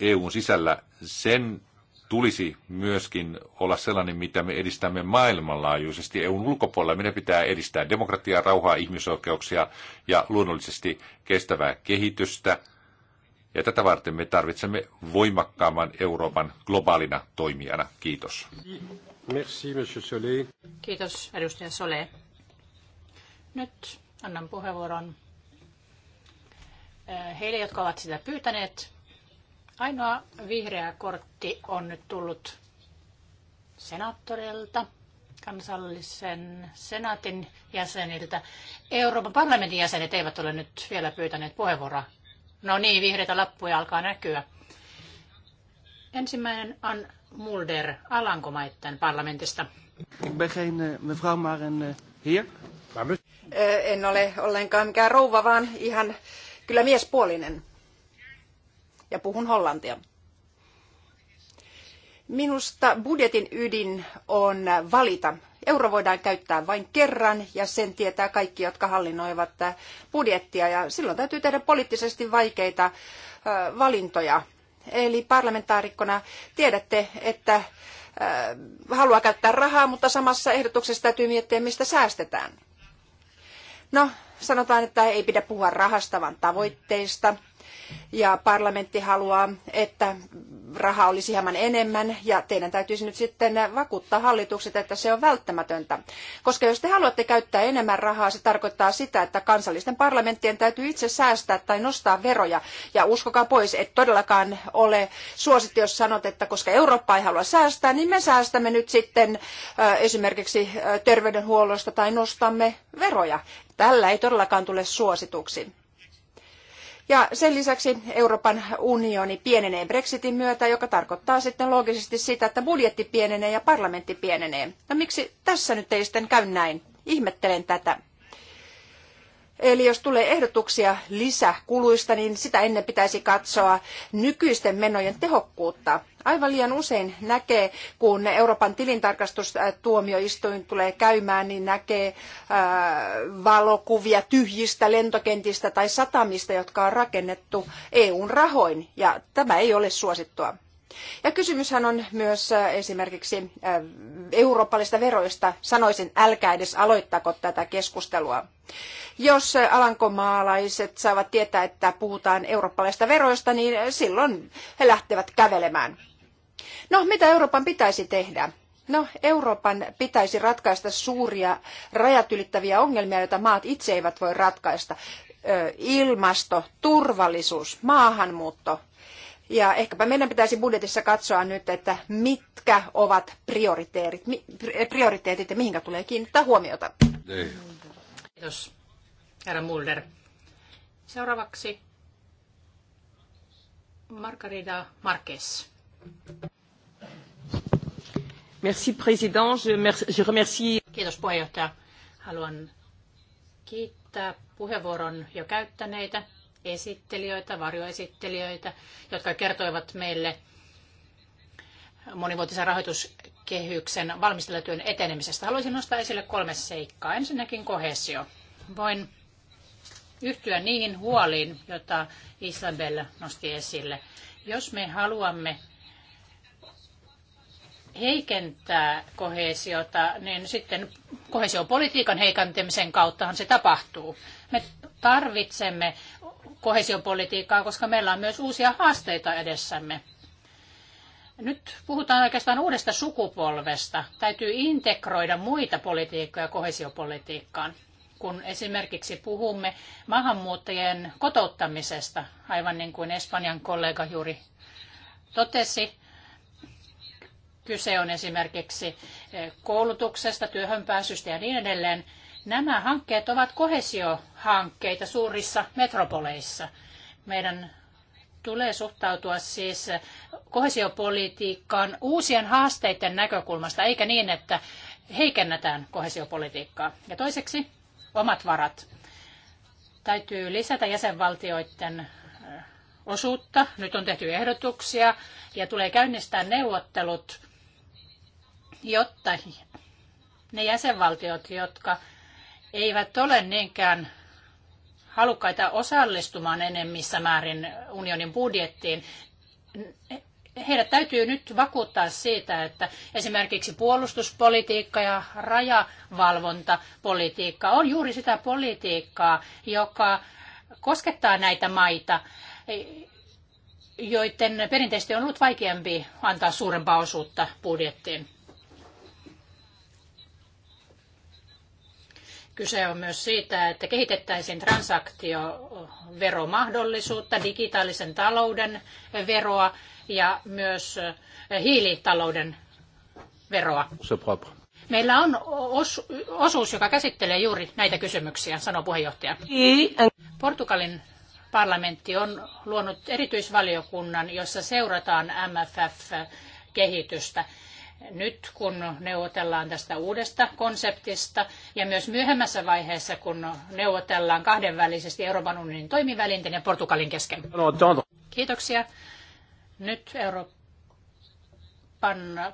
EUn sisällä, sen tulisi myöskin olla sellainen, mitä me edistämme maailmanlaajuisesti EUn ulkopuolella. Meidän pitää edistää demokratiaa, rauhaa, ihmisoikeuksia ja luonnollisesti kestävää kehitystä – ja tätä varten me tarvitsemme voimakkaamman Euroopan globaalina toimijana. Kiitos. Merci, monsieur Solé. Kiitos, edustaja Sole. Nyt annan puheenvuoron eh, heille, jotka ovat sitä pyytäneet. Ainoa vihreä kortti on nyt tullut senaattorilta, kansallisen senaatin jäseniltä. Euroopan parlamentin jäsenet eivät ole nyt vielä pyytäneet puheenvuoroa. No niin, vihreitä lappuja alkaa näkyä. Ensimmäinen on Mulder Alankomaitten parlamentista. Ik ben geen eh, mevrouw, maar een eh, heer. Eh, en ole ollenkaan mikään rouva, vaan ihan kyllä miespuolinen. Ja puhun hollantia. Minusta budjetin ydin on valita. Euro voidaan käyttää vain kerran ja sen tietää kaikki, jotka hallinnoivat budjettia. Ja silloin täytyy tehdä poliittisesti vaikeita valintoja. Eli parlamentaarikkona tiedätte, että haluaa käyttää rahaa, mutta samassa ehdotuksessa täytyy miettiä, mistä säästetään. No, sanotaan, että ei pidä puhua rahasta, vaan tavoitteista ja parlamentti haluaa, että rahaa olisi hieman enemmän ja teidän täytyisi nyt sitten vakuuttaa hallitukset, että se on välttämätöntä. Koska jos te haluatte käyttää enemmän rahaa, se tarkoittaa sitä, että kansallisten parlamenttien täytyy itse säästää tai nostaa veroja. Ja uskokaa pois, että todellakaan ole suosittu, jos sanot, että koska Eurooppa ei halua säästää, niin me säästämme nyt sitten esimerkiksi terveydenhuollosta tai nostamme veroja. Tällä ei todellakaan tule suosituksi. Ja sen lisäksi Euroopan unioni pienenee Brexitin myötä, joka tarkoittaa sitten loogisesti sitä, että budjetti pienenee ja parlamentti pienenee. No miksi tässä nyt ei sitten käy näin? Ihmettelen tätä. Eli jos tulee ehdotuksia lisäkuluista, niin sitä ennen pitäisi katsoa nykyisten menojen tehokkuutta. Aivan liian usein näkee, kun Euroopan tilintarkastustuomioistuin tulee käymään, niin näkee äh, valokuvia tyhjistä lentokentistä tai satamista, jotka on rakennettu EUn rahoin, ja tämä ei ole suosittua. Ja kysymyshän on myös äh, esimerkiksi äh, eurooppalaisista veroista. Sanoisin, älkää edes aloittako tätä keskustelua. Jos äh, alankomaalaiset saavat tietää, että puhutaan eurooppalaisista veroista, niin silloin he lähtevät kävelemään. No, mitä Euroopan pitäisi tehdä? No, Euroopan pitäisi ratkaista suuria rajat ylittäviä ongelmia, joita maat itse eivät voi ratkaista. Ilmasto, turvallisuus, maahanmuutto, ja ehkäpä meidän pitäisi budjetissa katsoa nyt, että mitkä ovat prioriteetit, eh, prioriteetit ja mihinkä tulee kiinnittää huomiota. Niin. Kiitos, herra Mulder. Seuraavaksi Merci, président. Je remercie... Kiitos, puheenjohtaja. Haluan kiittää puheenvuoron jo käyttäneitä esittelijöitä, varjoesittelijöitä, jotka kertoivat meille monivuotisen rahoituskehyksen valmistelutyön etenemisestä. Haluaisin nostaa esille kolme seikkaa. Ensinnäkin kohesio. Voin yhtyä niihin huoliin, joita Isabel nosti esille. Jos me haluamme heikentää kohesiota, niin sitten kohesiopolitiikan heikentämisen kauttahan se tapahtuu. Me tarvitsemme kohesiopolitiikkaa, koska meillä on myös uusia haasteita edessämme. Nyt puhutaan oikeastaan uudesta sukupolvesta. Täytyy integroida muita politiikkoja kohesiopolitiikkaan. Kun esimerkiksi puhumme maahanmuuttajien kotouttamisesta, aivan niin kuin Espanjan kollega juuri totesi, kyse on esimerkiksi koulutuksesta, työhönpääsystä ja niin edelleen – Nämä hankkeet ovat kohesiohankkeita suurissa metropoleissa. Meidän tulee suhtautua siis kohesiopolitiikkaan uusien haasteiden näkökulmasta, eikä niin, että heikennetään kohesiopolitiikkaa. Ja toiseksi omat varat. Täytyy lisätä jäsenvaltioiden osuutta. Nyt on tehty ehdotuksia ja tulee käynnistää neuvottelut, jotta ne jäsenvaltiot, jotka eivät ole niinkään halukkaita osallistumaan enemmissä määrin unionin budjettiin. Heidät täytyy nyt vakuuttaa siitä, että esimerkiksi puolustuspolitiikka ja rajavalvontapolitiikka on juuri sitä politiikkaa, joka koskettaa näitä maita, joiden perinteisesti on ollut vaikeampi antaa suurempaa osuutta budjettiin. Kyse on myös siitä, että kehitettäisiin transaktioveromahdollisuutta, digitaalisen talouden veroa ja myös hiilitalouden veroa. Meillä on os, osuus, joka käsittelee juuri näitä kysymyksiä, sanoo puheenjohtaja. Portugalin parlamentti on luonut erityisvaliokunnan, jossa seurataan MFF-kehitystä nyt, kun neuvotellaan tästä uudesta konseptista ja myös myöhemmässä vaiheessa, kun neuvotellaan kahdenvälisesti Euroopan unionin toimivälinten ja Portugalin kesken. Kiitoksia. Nyt Euroopan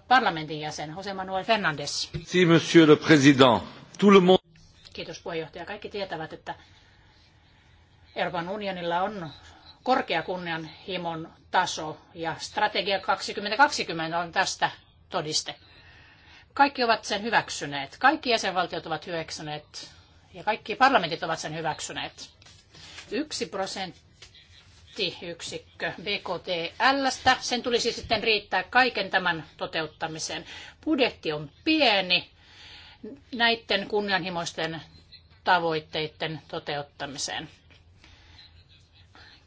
parlamentin jäsen Jose Manuel Fernandes. Si, monsieur le président. Tout le monde... Kiitos puheenjohtaja. Kaikki tietävät, että Euroopan unionilla on korkea kunnianhimon taso ja strategia 2020 on tästä todiste. Kaikki ovat sen hyväksyneet. Kaikki jäsenvaltiot ovat hyväksyneet ja kaikki parlamentit ovat sen hyväksyneet. Yksi prosenttiyksikkö BKTLstä, sen tulisi sitten riittää kaiken tämän toteuttamiseen. Budjetti on pieni näiden kunnianhimoisten tavoitteiden toteuttamiseen.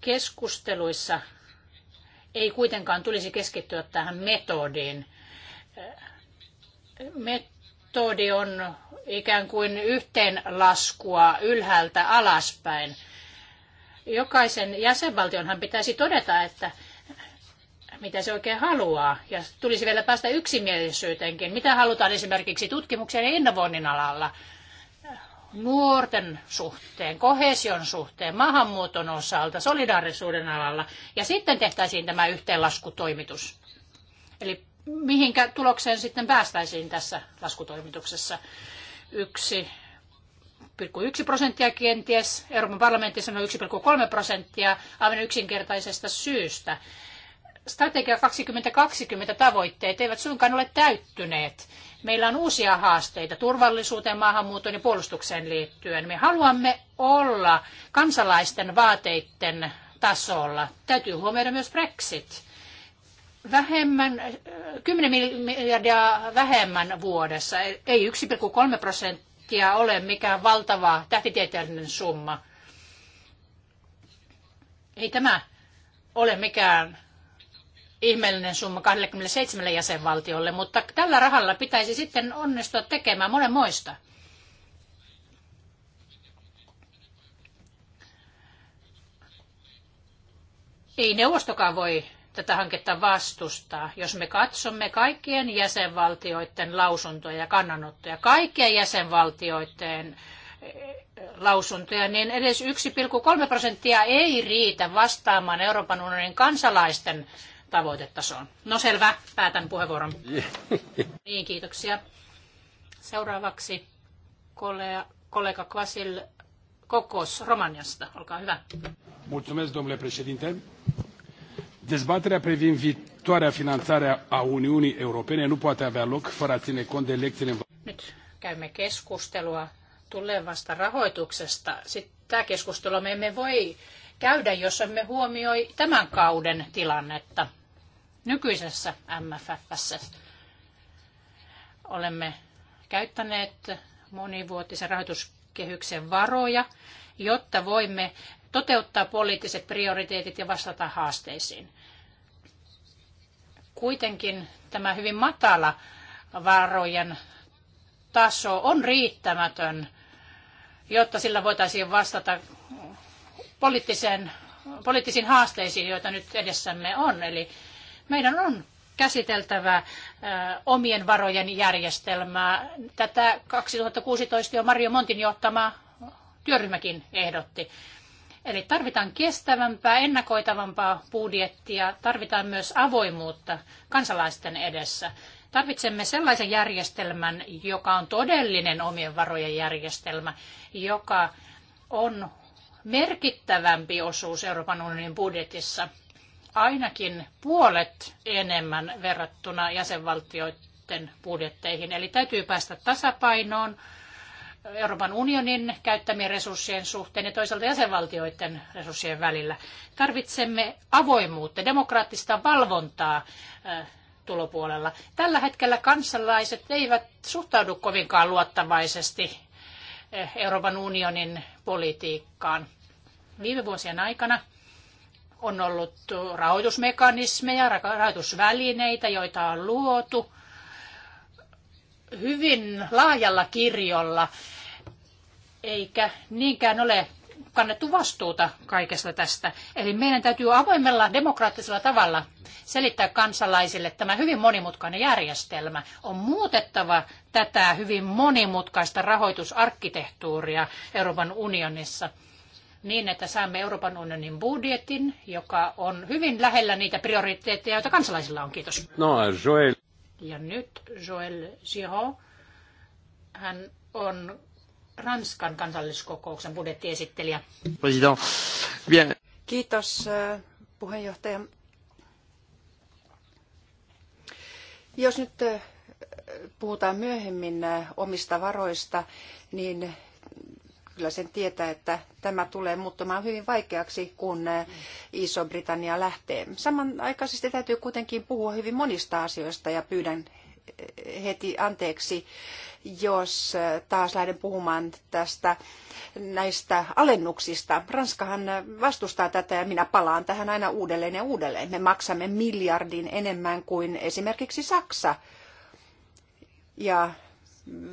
Keskusteluissa ei kuitenkaan tulisi keskittyä tähän metodiin, metodi on ikään kuin yhteenlaskua ylhäältä alaspäin. Jokaisen jäsenvaltionhan pitäisi todeta, että mitä se oikein haluaa. Ja tulisi vielä päästä yksimielisyyteenkin. Mitä halutaan esimerkiksi tutkimuksen ja innovoinnin alalla, nuorten suhteen, kohesion suhteen, maahanmuuton osalta, solidaarisuuden alalla. Ja sitten tehtäisiin tämä yhteenlaskutoimitus. Eli mihinkä tulokseen sitten päästäisiin tässä laskutoimituksessa. Yksi 1,1 prosenttia kenties, Euroopan parlamentissa noin 1,3 prosenttia aivan yksinkertaisesta syystä. Strategia 2020 tavoitteet eivät suinkaan ole täyttyneet. Meillä on uusia haasteita turvallisuuteen, maahanmuuttoon ja puolustukseen liittyen. Me haluamme olla kansalaisten vaateiden tasolla. Täytyy huomioida myös Brexit vähemmän, 10 äh, miljardia vähemmän vuodessa. Ei 1,3 prosenttia ole mikään valtava tähtitieteellinen summa. Ei tämä ole mikään ihmeellinen summa 27 jäsenvaltiolle, mutta tällä rahalla pitäisi sitten onnistua tekemään monenmoista. Ei neuvostokaan voi tätä hanketta vastustaa. Jos me katsomme kaikkien jäsenvaltioiden lausuntoja ja kannanottoja, kaikkien jäsenvaltioiden eh, lausuntoja, niin edes 1,3 prosenttia ei riitä vastaamaan Euroopan unionin kansalaisten tavoitetasoon. No selvä, päätän puheenvuoron. niin, kiitoksia. Seuraavaksi kollega, Kvasil Kokos Romaniasta. Olkaa hyvä. Mulțumesc, domnule președinte. Dezbaterea privind viitoarea finanțare a Uniunii Europene nu poate avea loc fără a ține cont de lecțiile... Nyt käymme keskustelua tulevasta rahoituksesta. Sitä keskustelua me emme voi käydä, jos emme huomioi tämän kauden tilannetta nykyisessä MFFssä. Olemme käyttäneet monivuotisen rahoituskehyksen varoja, jotta voimme toteuttaa poliittiset prioriteetit ja vastata haasteisiin. Kuitenkin tämä hyvin matala varojen taso on riittämätön, jotta sillä voitaisiin vastata poliittiseen, poliittisiin haasteisiin, joita nyt edessämme on. Eli meidän on käsiteltävä omien varojen järjestelmää. Tätä 2016 jo Mario Montin johtama työryhmäkin ehdotti. Eli tarvitaan kestävämpää, ennakoitavampaa budjettia, tarvitaan myös avoimuutta kansalaisten edessä. Tarvitsemme sellaisen järjestelmän, joka on todellinen omien varojen järjestelmä, joka on merkittävämpi osuus Euroopan unionin budjetissa, ainakin puolet enemmän verrattuna jäsenvaltioiden budjetteihin. Eli täytyy päästä tasapainoon Euroopan unionin käyttämien resurssien suhteen ja toisaalta jäsenvaltioiden resurssien välillä. Tarvitsemme avoimuutta, demokraattista valvontaa tulopuolella. Tällä hetkellä kansalaiset eivät suhtaudu kovinkaan luottavaisesti Euroopan unionin politiikkaan. Viime vuosien aikana on ollut rahoitusmekanismeja, rahoitusvälineitä, joita on luotu – hyvin laajalla kirjolla, eikä niinkään ole kannettu vastuuta kaikesta tästä. Eli meidän täytyy avoimella demokraattisella tavalla selittää kansalaisille tämä hyvin monimutkainen järjestelmä. On muutettava tätä hyvin monimutkaista rahoitusarkkitehtuuria Euroopan unionissa niin, että saamme Euroopan unionin budjetin, joka on hyvin lähellä niitä prioriteetteja, joita kansalaisilla on. Kiitos. No, Joel. Ja nyt Joël Giraud, hän on Ranskan kansalliskokouksen budjettiesittelijä. President. Bien. Kiitos äh, puheenjohtaja. Jos nyt äh, puhutaan myöhemmin äh, omista varoista, niin Kyllä sen tietää, että tämä tulee muuttumaan hyvin vaikeaksi, kun Iso-Britannia lähtee. Samanaikaisesti täytyy kuitenkin puhua hyvin monista asioista ja pyydän heti anteeksi, jos taas lähden puhumaan tästä näistä alennuksista. Ranskahan vastustaa tätä ja minä palaan tähän aina uudelleen ja uudelleen. Me maksamme miljardin enemmän kuin esimerkiksi Saksa. Ja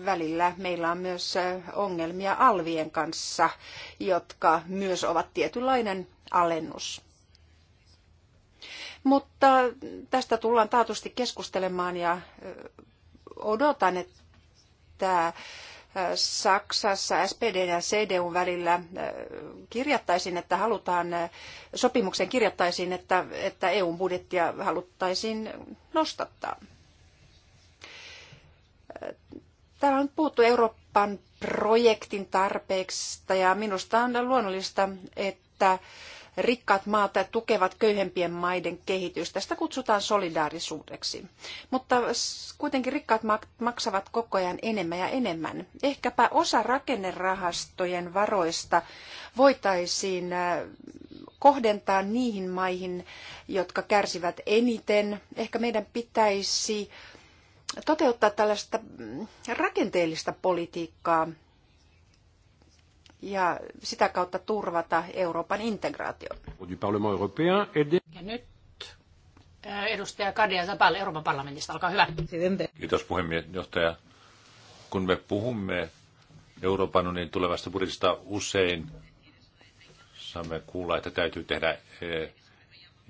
välillä meillä on myös ongelmia alvien kanssa, jotka myös ovat tietynlainen alennus. Mutta tästä tullaan taatusti keskustelemaan ja odotan, että Saksassa SPD ja CDU välillä kirjattaisiin, että halutaan, sopimuksen kirjattaisiin, että, että EUn budjettia haluttaisiin nostattaa Täällä on puhuttu Euroopan projektin tarpeeksista ja minusta on luonnollista, että rikkaat maat tukevat köyhempien maiden kehitystä. Sitä kutsutaan solidaarisuudeksi. Mutta kuitenkin rikkaat maksavat koko ajan enemmän ja enemmän. Ehkäpä osa rakennerahastojen varoista voitaisiin äh, kohdentaa niihin maihin, jotka kärsivät eniten. Ehkä meidän pitäisi toteuttaa tällaista rakenteellista politiikkaa ja sitä kautta turvata Euroopan integraatio. Ja nyt äh, edustaja Kadia Zabal Euroopan parlamentista, olkaa hyvä. Kiitos johtaja. Kun me puhumme Euroopan unionin tulevasta budjetista usein saamme kuulla, että täytyy tehdä eh,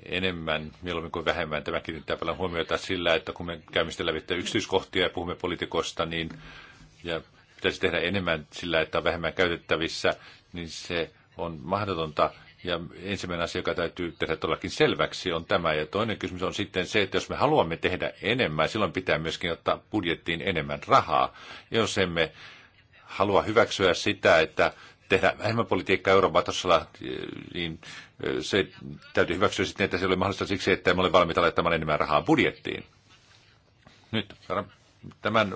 enemmän, mieluummin kuin vähemmän. Tämä kiinnittää paljon huomiota sillä, että kun me käymme sitä läpi yksityiskohtia ja puhumme poliitikosta, niin ja pitäisi tehdä enemmän sillä, että on vähemmän käytettävissä, niin se on mahdotonta. Ja ensimmäinen asia, joka täytyy tehdä todellakin selväksi, on tämä. Ja toinen kysymys on sitten se, että jos me haluamme tehdä enemmän, silloin pitää myöskin ottaa budjettiin enemmän rahaa. Ja jos emme halua hyväksyä sitä, että tehdä vähemmän politiikkaa Euroopan tasolla, niin se täytyy hyväksyä sitten, että se oli mahdollista siksi, että emme ole valmiita laittamaan enemmän rahaa budjettiin. Nyt tämän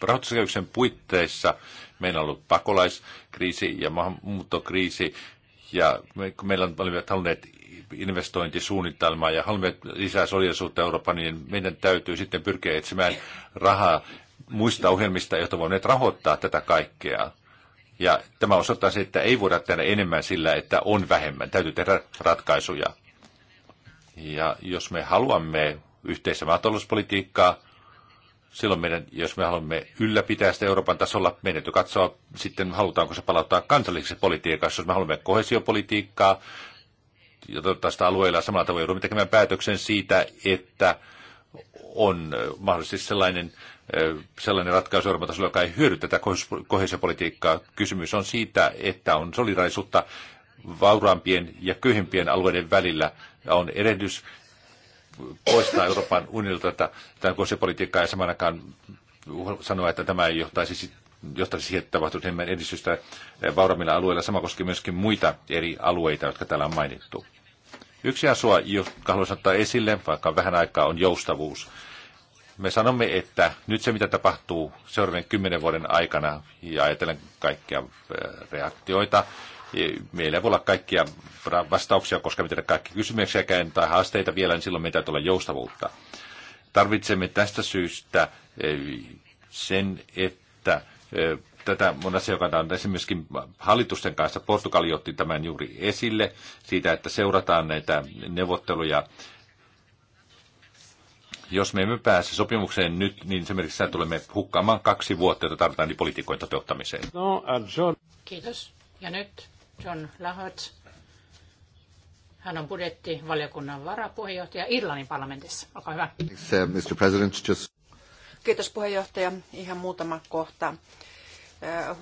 rahoituskehyksen puitteissa meillä on ollut pakolaiskriisi ja maahanmuuttokriisi, ja kun meillä on halunneet investointisuunnitelmaa ja haluamme lisää solidaisuutta Euroopan, niin meidän täytyy sitten pyrkiä etsimään rahaa muista ohjelmista, joita voimme rahoittaa tätä kaikkea. Ja tämä osoittaa sen, että ei voida tehdä enemmän sillä, että on vähemmän. Täytyy tehdä ratkaisuja. Ja jos me haluamme yhteistä maatalouspolitiikkaa, silloin meidän, jos me haluamme ylläpitää sitä Euroopan tasolla, meidän täytyy katsoa sitten, halutaanko se palauttaa kansalliseksi politiikaksi. Jos me haluamme kohesiopolitiikkaa, ja toivottavasti alueilla samalla tavoin joudumme tekemään päätöksen siitä, että on mahdollisesti sellainen sellainen ratkaisu Euroopan tasolla, joka ei hyödy tätä kohesiopolitiikkaa. Kysymys on siitä, että on solidaisuutta vauraampien ja köyhempien alueiden välillä on edellys poistaa Euroopan unionilta tätä kohesiopolitiikkaa ja aikaan sanoa, että tämä ei johtaisi johtaisi siihen, että tapahtuu enemmän edistystä vauramilla alueilla. Sama koskee myöskin muita eri alueita, jotka täällä on mainittu. Yksi asua, jotka haluaisin ottaa esille, vaikka vähän aikaa, on joustavuus me sanomme, että nyt se mitä tapahtuu seuraavien kymmenen vuoden aikana, ja ajatellen kaikkia äh, reaktioita, e, meillä ei voi olla kaikkia vastauksia, koska me tiedä kaikki kysymyksiäkään tai haasteita vielä, niin silloin meidän täytyy olla joustavuutta. Tarvitsemme tästä syystä e, sen, että e, tätä mun asia, joka on esimerkiksi hallitusten kanssa, Portugali otti tämän juuri esille, siitä, että seurataan näitä neuvotteluja jos me emme pääse sopimukseen nyt, niin esimerkiksi tulemme hukkaamaan kaksi vuotta, jota tarvitaan niin poliitikkojen toteuttamiseen. No, John. Kiitos. Ja nyt John Lahot. Hän on budjettivaliokunnan varapuheenjohtaja Irlannin parlamentissa. Olkaa hyvä. Uh, Mr. President, just... Kiitos puheenjohtaja. Ihan muutama kohta uh,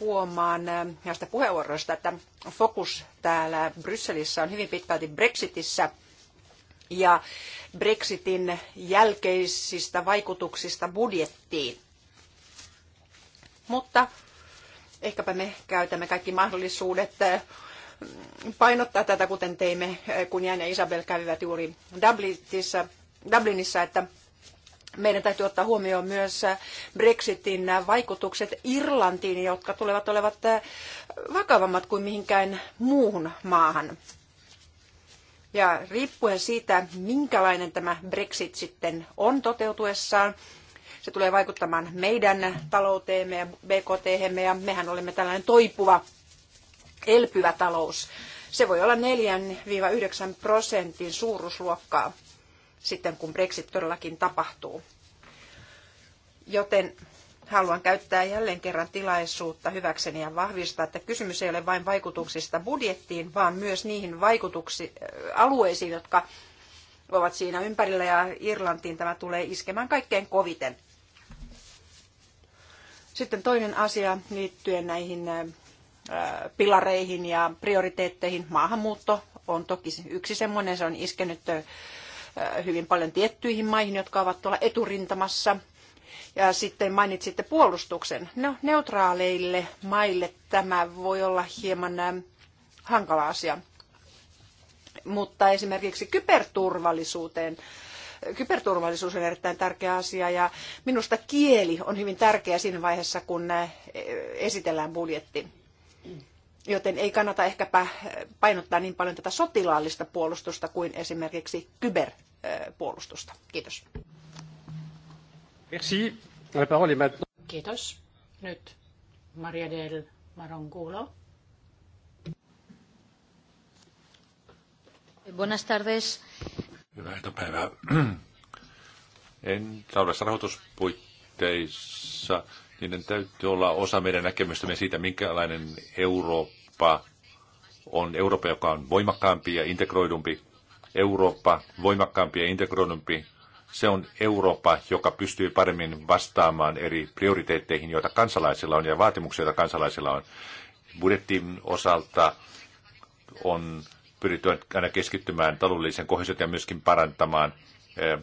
huomaan uh, näistä puheenvuoroista, että fokus täällä Brysselissä on hyvin pitkälti Brexitissä – ja Brexitin jälkeisistä vaikutuksista budjettiin. Mutta ehkäpä me käytämme kaikki mahdollisuudet eh, painottaa tätä, kuten teimme, eh, kun Jan ja Isabel kävivät juuri Dublinissa, Dublinissa että meidän täytyy ottaa huomioon myös eh, Brexitin vaikutukset Irlantiin, jotka tulevat olevat vakavammat kuin mihinkään muuhun maahan. Ja riippuen siitä, minkälainen tämä Brexit sitten on toteutuessaan, se tulee vaikuttamaan meidän talouteemme ja BKT, ja mehän olemme tällainen toipuva, elpyvä talous. Se voi olla 4-9 prosentin suuruusluokkaa sitten, kun Brexit todellakin tapahtuu. Joten haluan käyttää jälleen kerran tilaisuutta hyväkseni ja vahvistaa, että kysymys ei ole vain vaikutuksista budjettiin, vaan myös niihin vaikutuksi, äh, alueisiin, jotka ovat siinä ympärillä ja Irlantiin tämä tulee iskemään kaikkein koviten. Sitten toinen asia liittyen näihin äh, pilareihin ja prioriteetteihin. Maahanmuutto on toki yksi semmoinen, se on iskenyt äh, hyvin paljon tiettyihin maihin, jotka ovat tuolla eturintamassa – ja sitten mainitsitte puolustuksen. No, neutraaleille maille tämä voi olla hieman ähm, hankala asia. Mutta esimerkiksi kyberturvallisuuteen kyberturvallisuus on erittäin tärkeä asia ja minusta kieli on hyvin tärkeä siinä vaiheessa, kun äh, esitellään budjetti. Joten ei kannata ehkäpä äh, painottaa niin paljon tätä sotilaallista puolustusta kuin esimerkiksi kyberpuolustusta. Kiitos. Merci. La parole est maintenant. Kiitos. Nyt Maria del Maronculo. Buenas tardes. Hyvää iltapäivää. En tällaisessa rahoituspuitteissa, niiden täytyy olla osa meidän näkemystämme siitä, minkälainen Eurooppa on Eurooppa, joka on voimakkaampi ja integroidumpi. Eurooppa voimakkaampi ja integroidumpi se on Eurooppa, joka pystyy paremmin vastaamaan eri prioriteetteihin, joita kansalaisilla on ja vaatimuksia, joita kansalaisilla on. Budjettin osalta on pyritty aina keskittymään taloudellisen kohdistot ja myöskin parantamaan eh,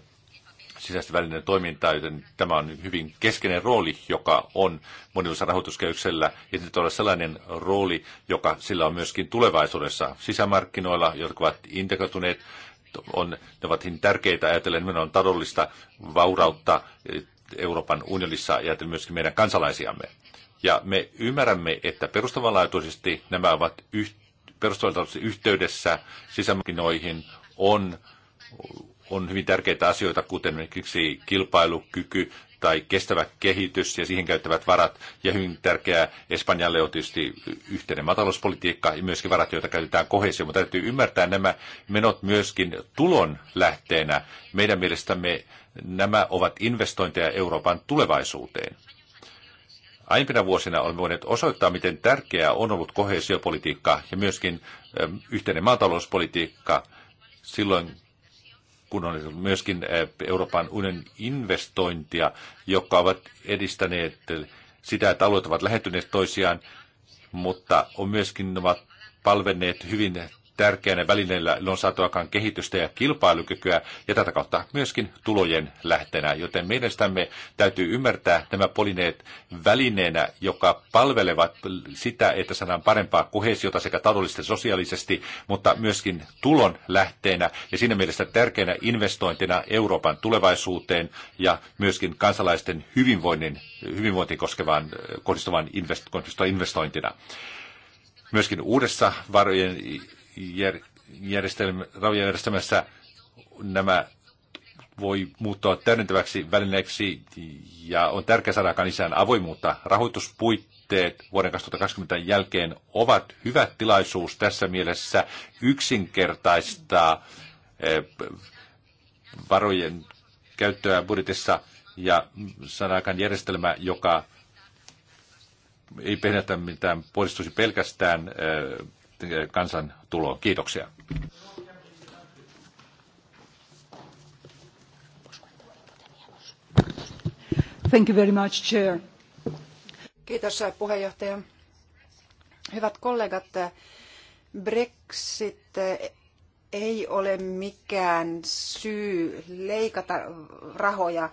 sisäistä välinen toimintaa, joten tämä on hyvin keskeinen rooli, joka on monilla rahoituskehyksellä, ja nyt on sellainen rooli, joka sillä on myöskin tulevaisuudessa sisämarkkinoilla, jotka ovat integroituneet, on, ne ovat hyvin tärkeitä ajatellen nimenomaan taloudellista vaurautta eh, Euroopan unionissa ja myöskin meidän kansalaisiamme. Ja me ymmärrämme, että perustavanlaatuisesti nämä ovat perustavanlaatuisesti yhteydessä sisämarkkinoihin on on hyvin tärkeitä asioita, kuten esimerkiksi kilpailukyky, tai kestävä kehitys ja siihen käyttävät varat. Ja hyvin tärkeää Espanjalle on tietysti yhteinen maatalouspolitiikka ja myöskin varat, joita käytetään kohesioon. Mutta täytyy ymmärtää nämä menot myöskin tulon lähteenä. Meidän mielestämme nämä ovat investointeja Euroopan tulevaisuuteen. Aiempina vuosina olemme voineet osoittaa, miten tärkeää on ollut kohesiopolitiikka ja myöskin yhteinen maatalouspolitiikka silloin, kun on myöskin eh, Euroopan unionin investointia, jotka ovat edistäneet sitä, että alueet ovat lähettyneet toisiaan, mutta on myöskin ovat palvenneet hyvin tärkeänä välineellä on saatu aikaan kehitystä ja kilpailukykyä ja tätä kautta myöskin tulojen lähteenä. Joten mielestämme täytyy ymmärtää nämä polineet välineenä, joka palvelevat sitä, että saadaan parempaa kohesiota sekä taloudellisesti sosiaalisesti, mutta myöskin tulon lähteenä ja siinä mielessä tärkeänä investointina Euroopan tulevaisuuteen ja myöskin kansalaisten hyvinvoinnin, hyvinvointiin koskevaan, kohdistuvan investointina. Myöskin uudessa varojen jär, rauhanjärjestelmässä nämä voi muuttua täydentäväksi välineeksi ja on tärkeää saada kanisään avoimuutta. Rahoituspuitteet vuoden 2020 jälkeen ovat hyvä tilaisuus tässä mielessä yksinkertaistaa eh, varojen käyttöä budjetissa ja saadaan järjestelmä, joka ei pehdätä mitään, pohdistuisi pelkästään eh, kansan tuloon. Kiitoksia. Thank you very much, Chair. Kiitos puheenjohtaja. Hyvät kollegat, Brexit ei ole mikään syy leikata rahoja,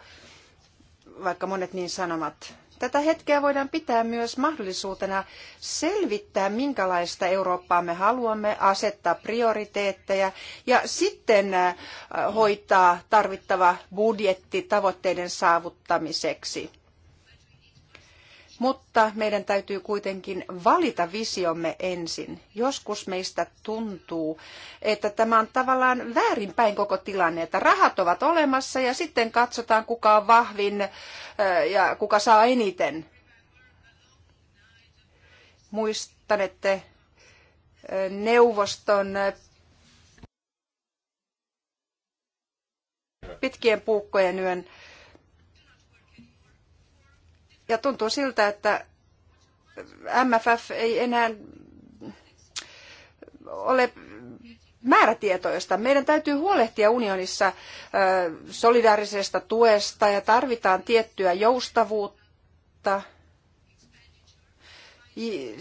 vaikka monet niin sanomat Tätä hetkeä voidaan pitää myös mahdollisuutena selvittää, minkälaista Eurooppaa me haluamme, asettaa prioriteetteja ja sitten äh, hoitaa tarvittava budjetti tavoitteiden saavuttamiseksi. Mutta meidän täytyy kuitenkin valita visiomme ensin. Joskus meistä tuntuu, että tämä on tavallaan väärinpäin koko tilanne, että rahat ovat olemassa ja sitten katsotaan kuka on vahvin ja kuka saa eniten. Muistanette neuvoston pitkien puukkojen yön ja tuntuu siltä, että MFF ei enää ole määrätietoista. Meidän täytyy huolehtia unionissa solidaarisesta tuesta ja tarvitaan tiettyä joustavuutta.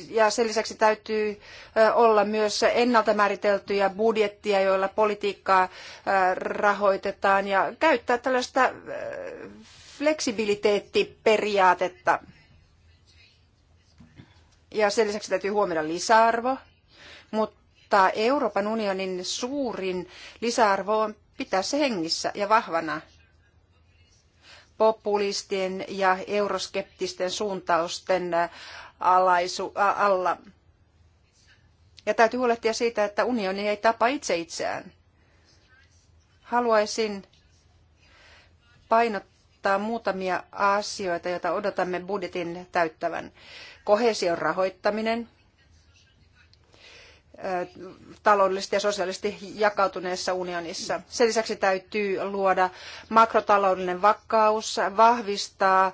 Ja sen lisäksi täytyy olla myös ennalta määriteltyjä budjettia, joilla politiikkaa rahoitetaan ja käyttää tällaista fleksibiliteettiperiaatetta. Ja sen lisäksi täytyy huomioida lisäarvo, mutta Euroopan unionin suurin lisäarvo on pitää se hengissä ja vahvana populistien ja euroskeptisten suuntausten äh, alaisu, äh, alla. Ja täytyy huolehtia siitä, että unioni ei tapa itse itseään. Haluaisin painottaa, ehdottaa muutamia asioita, joita odotamme budjetin täyttävän. Kohesion rahoittaminen taloudellisesti ja sosiaalisesti jakautuneessa unionissa. Sen lisäksi täytyy luoda makrotaloudellinen vakaus, vahvistaa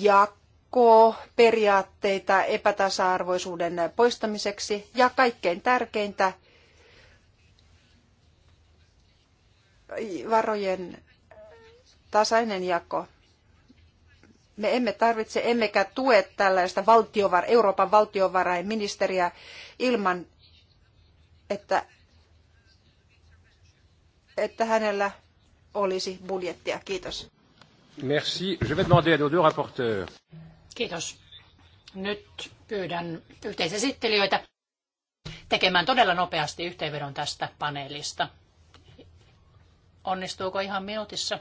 jakoperiaatteita epätasa-arvoisuuden poistamiseksi ja kaikkein tärkeintä varojen tasainen jako. Me emme tarvitse emmekä tue tällaista valtiovar, Euroopan valtiovarainministeriä ilman, että, että hänellä olisi budjettia. Kiitos. Merci. Je vais demander à nos deux rapporteurs. Kiitos. Nyt pyydän yhteisesittelijöitä tekemään todella nopeasti yhteenvedon tästä paneelista. Onnistuuko ihan minuutissa?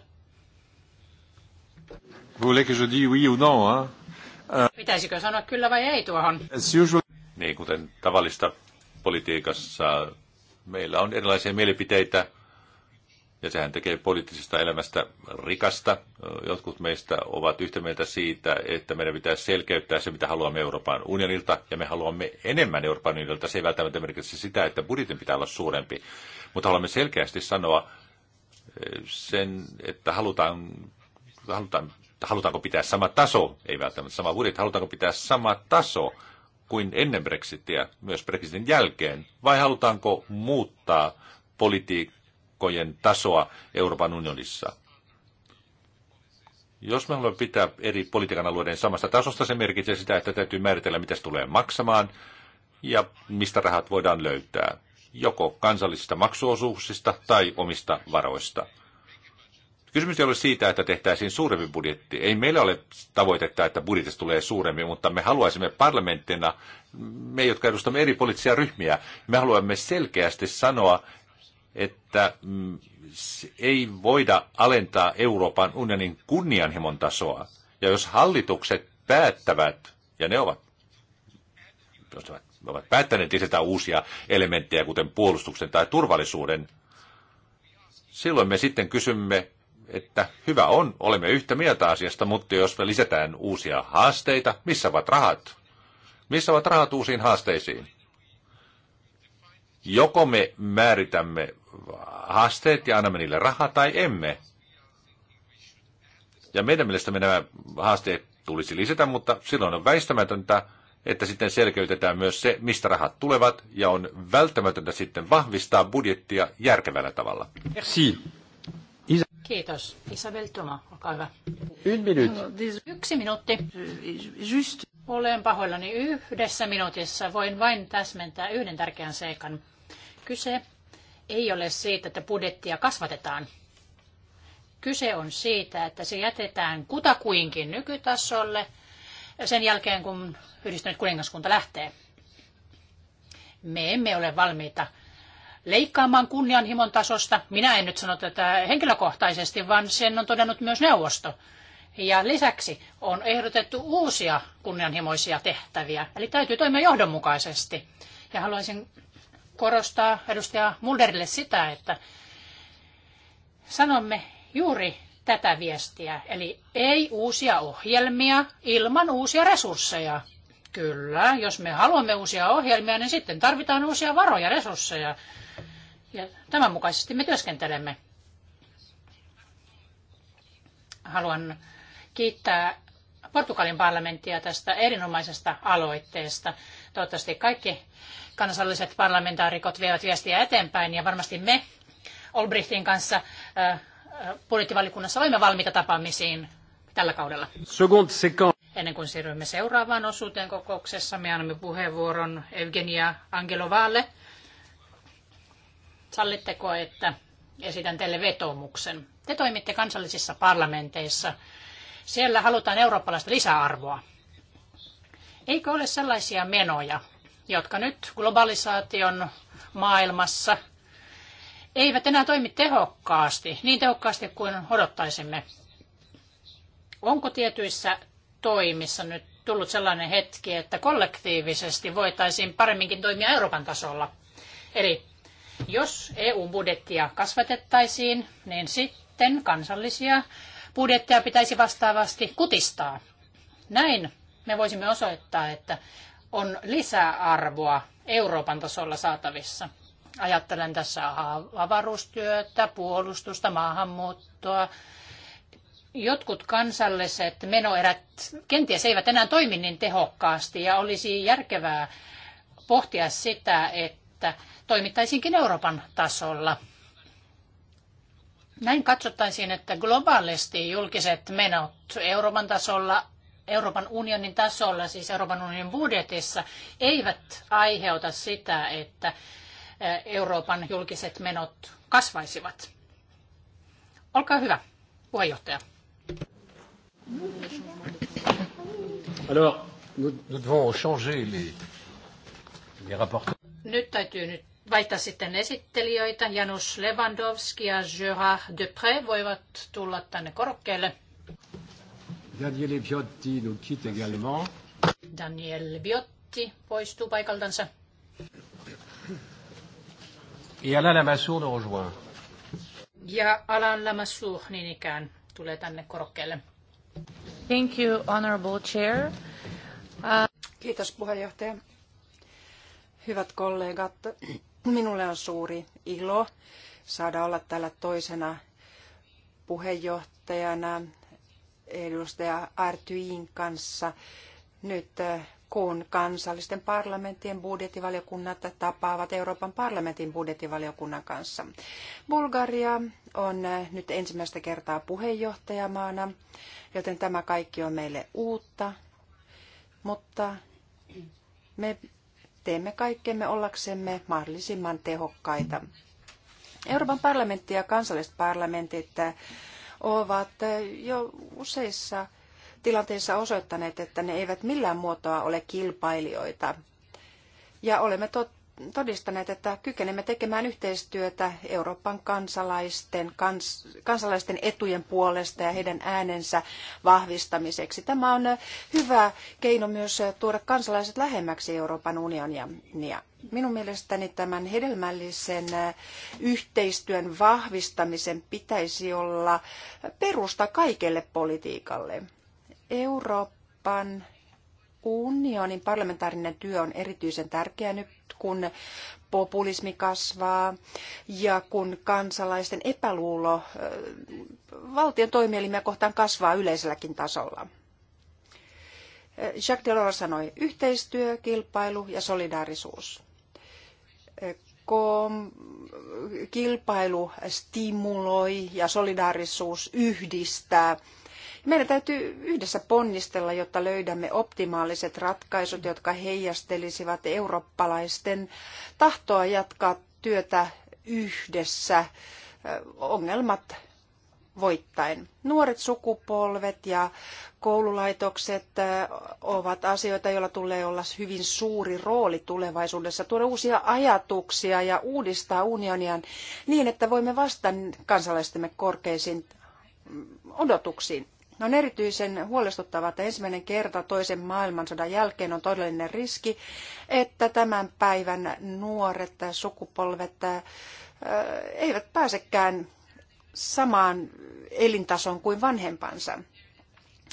Euh, Pitäisikö sanoa kyllä vai ei tuohon? Niin, kuten tavallista politiikassa, meillä on erilaisia mielipiteitä, ja sehän tekee poliittisesta elämästä rikasta. Jotkut meistä ovat yhtä mieltä siitä, että meidän pitää selkeyttää se, mitä haluamme Euroopan unionilta, ja me haluamme enemmän Euroopan unionilta. Se ei välttämättä merkitse sitä, että budjetin pitää olla suurempi, mutta haluamme selkeästi sanoa eh, sen, että halutaan halutaan, halutaanko pitää sama taso, ei välttämättä sama budjetti, halutaanko pitää sama taso kuin ennen Brexitiä, myös Brexitin jälkeen, vai halutaanko muuttaa politiikkojen tasoa Euroopan unionissa? Jos me haluamme pitää eri politiikan alueiden samasta tasosta, se merkitsee sitä, että täytyy määritellä, mitä se tulee maksamaan ja mistä rahat voidaan löytää, joko kansallisista maksuosuuksista tai omista varoista. Kysymys ei ole siitä, että tehtäisiin suurempi budjetti. Ei meillä ole tavoitetta, että budjetista tulee suurempi, mutta me haluaisimme parlamenttina, me jotka edustamme eri poliittisia ryhmiä, me haluamme selkeästi sanoa, että mm, ei voida alentaa Euroopan unionin kunnianhimon tasoa. Ja jos hallitukset päättävät, ja ne ovat, jos ne ovat päättäneet lisätä uusia elementtejä, kuten puolustuksen tai turvallisuuden, silloin me sitten kysymme, että hyvä on, olemme yhtä mieltä asiasta, mutta jos me lisätään uusia haasteita, missä ovat rahat? Missä ovat rahat uusiin haasteisiin? Joko me määritämme haasteet ja annamme niille rahaa tai emme. Ja meidän mielestämme nämä haasteet tulisi lisätä, mutta silloin on väistämätöntä, että sitten selkeytetään myös se, mistä rahat tulevat, ja on välttämätöntä sitten vahvistaa budjettia järkevällä tavalla. Merci. Kiitos. Isabel Toma, olkaa hyvä. Yksi minuutti. Just. Olen pahoillani yhdessä minuutissa. Voin vain täsmentää yhden tärkeän seikan. Kyse ei ole siitä, että budjettia kasvatetaan. Kyse on siitä, että se jätetään kutakuinkin nykytasolle sen jälkeen, kun yhdistynyt kuningaskunta lähtee. Me emme ole valmiita leikkaamaan kunnianhimon tasosta. Minä en nyt sano tätä henkilökohtaisesti, vaan sen on todennut myös neuvosto. Ja lisäksi on ehdotettu uusia kunnianhimoisia tehtäviä, eli täytyy toimia johdonmukaisesti. Ja haluaisin korostaa edustaja Mulderille sitä, että sanomme juuri tätä viestiä, eli ei uusia ohjelmia ilman uusia resursseja. Kyllä, jos me haluamme uusia ohjelmia, niin sitten tarvitaan uusia varoja, resursseja. Ja tämän mukaisesti me työskentelemme. Haluan kiittää Portugalin parlamenttia tästä erinomaisesta aloitteesta. Toivottavasti kaikki kansalliset parlamentaarikot vievät viestiä eteenpäin ja varmasti me Olbrichtin kanssa äh, budjettivalikunnassa olemme valmiita tapaamisiin tällä kaudella. Ennen kuin siirrymme seuraavaan osuuteen kokouksessa, me annamme puheenvuoron Evgenia Angelovalle – Sallitteko, että esitän teille vetomuksen? Te toimitte kansallisissa parlamenteissa. Siellä halutaan eurooppalaista lisäarvoa. Eikö ole sellaisia menoja, jotka nyt globalisaation maailmassa eivät enää toimi tehokkaasti, niin tehokkaasti kuin odottaisimme? Onko tietyissä toimissa nyt tullut sellainen hetki, että kollektiivisesti voitaisiin paremminkin toimia Euroopan tasolla? Eli jos EU-budjettia kasvatettaisiin, niin sitten kansallisia budjetteja pitäisi vastaavasti kutistaa. Näin me voisimme osoittaa, että on lisäarvoa Euroopan tasolla saatavissa. Ajattelen tässä avaruustyötä, puolustusta, maahanmuuttoa. Jotkut kansalliset menoerät kenties eivät enää toimi niin tehokkaasti ja olisi järkevää pohtia sitä, että että toimittaisinkin Euroopan tasolla. Näin katsottaisiin, että globaalisti julkiset menot Euroopan tasolla, Euroopan unionin tasolla, siis Euroopan unionin budjetissa, eivät aiheuta sitä, että Euroopan julkiset menot kasvaisivat. Olkaa hyvä, puheenjohtaja. Alors, nous, nous devons changer les, les rapporteurs. Nyt täytyy nyt vaihtaa sitten esittelijöitä. Janus Lewandowski ja Gerard Depré voivat tulla tänne korokkeelle. Daniele Biotti nous quitte également. Daniel Biotti poistuu paikaltansa. Et Alain Lamassoure nous rejoint. Ja Alain Lamassoure niin ikään tulee tänne korokkeelle. Thank you, honorable chair. Uh... Kiitos puheenjohtaja. Hyvät kollegat, minulle on suuri ilo saada olla täällä toisena puheenjohtajana edustaja Artyin kanssa nyt eh, kun kansallisten parlamenttien budjettivaliokunnat tapaavat Euroopan parlamentin budjettivaliokunnan kanssa. Bulgaria on eh, nyt ensimmäistä kertaa puheenjohtajamaana, joten tämä kaikki on meille uutta, mutta me teemme kaikkemme ollaksemme mahdollisimman tehokkaita. Euroopan parlamentti ja kansalliset parlamentit ovat jo useissa tilanteissa osoittaneet, että ne eivät millään muotoa ole kilpailijoita. Ja olemme tot, todistaneet, että kykenemme tekemään yhteistyötä Euroopan kansalaisten, kans, kansalaisten etujen puolesta ja heidän äänensä vahvistamiseksi. Tämä on hyvä keino myös tuoda kansalaiset lähemmäksi Euroopan unionia. Ja minun mielestäni tämän hedelmällisen yhteistyön vahvistamisen pitäisi olla perusta kaikelle politiikalle. Euroopan unionin parlamentaarinen työ on erityisen tärkeää nyt, kun populismi kasvaa ja kun kansalaisten epäluulo valtion toimielimiä kohtaan kasvaa yleiselläkin tasolla. Jacques Delors sanoi yhteistyö, kilpailu ja solidaarisuus. kilpailu stimuloi ja solidaarisuus yhdistää meidän täytyy yhdessä ponnistella, jotta löydämme optimaaliset ratkaisut, jotka heijastelisivat eurooppalaisten tahtoa jatkaa työtä yhdessä ongelmat voittain. Nuoret sukupolvet ja koululaitokset ovat asioita, joilla tulee olla hyvin suuri rooli tulevaisuudessa, tuoda uusia ajatuksia ja uudistaa unionia niin, että voimme vastata kansalaistemme korkeisiin odotuksiin. No on erityisen huolestuttavaa, että ensimmäinen kerta toisen maailmansodan jälkeen on todellinen riski, että tämän päivän nuoret sukupolvet äh, eivät pääsekään samaan elintasoon kuin vanhempansa.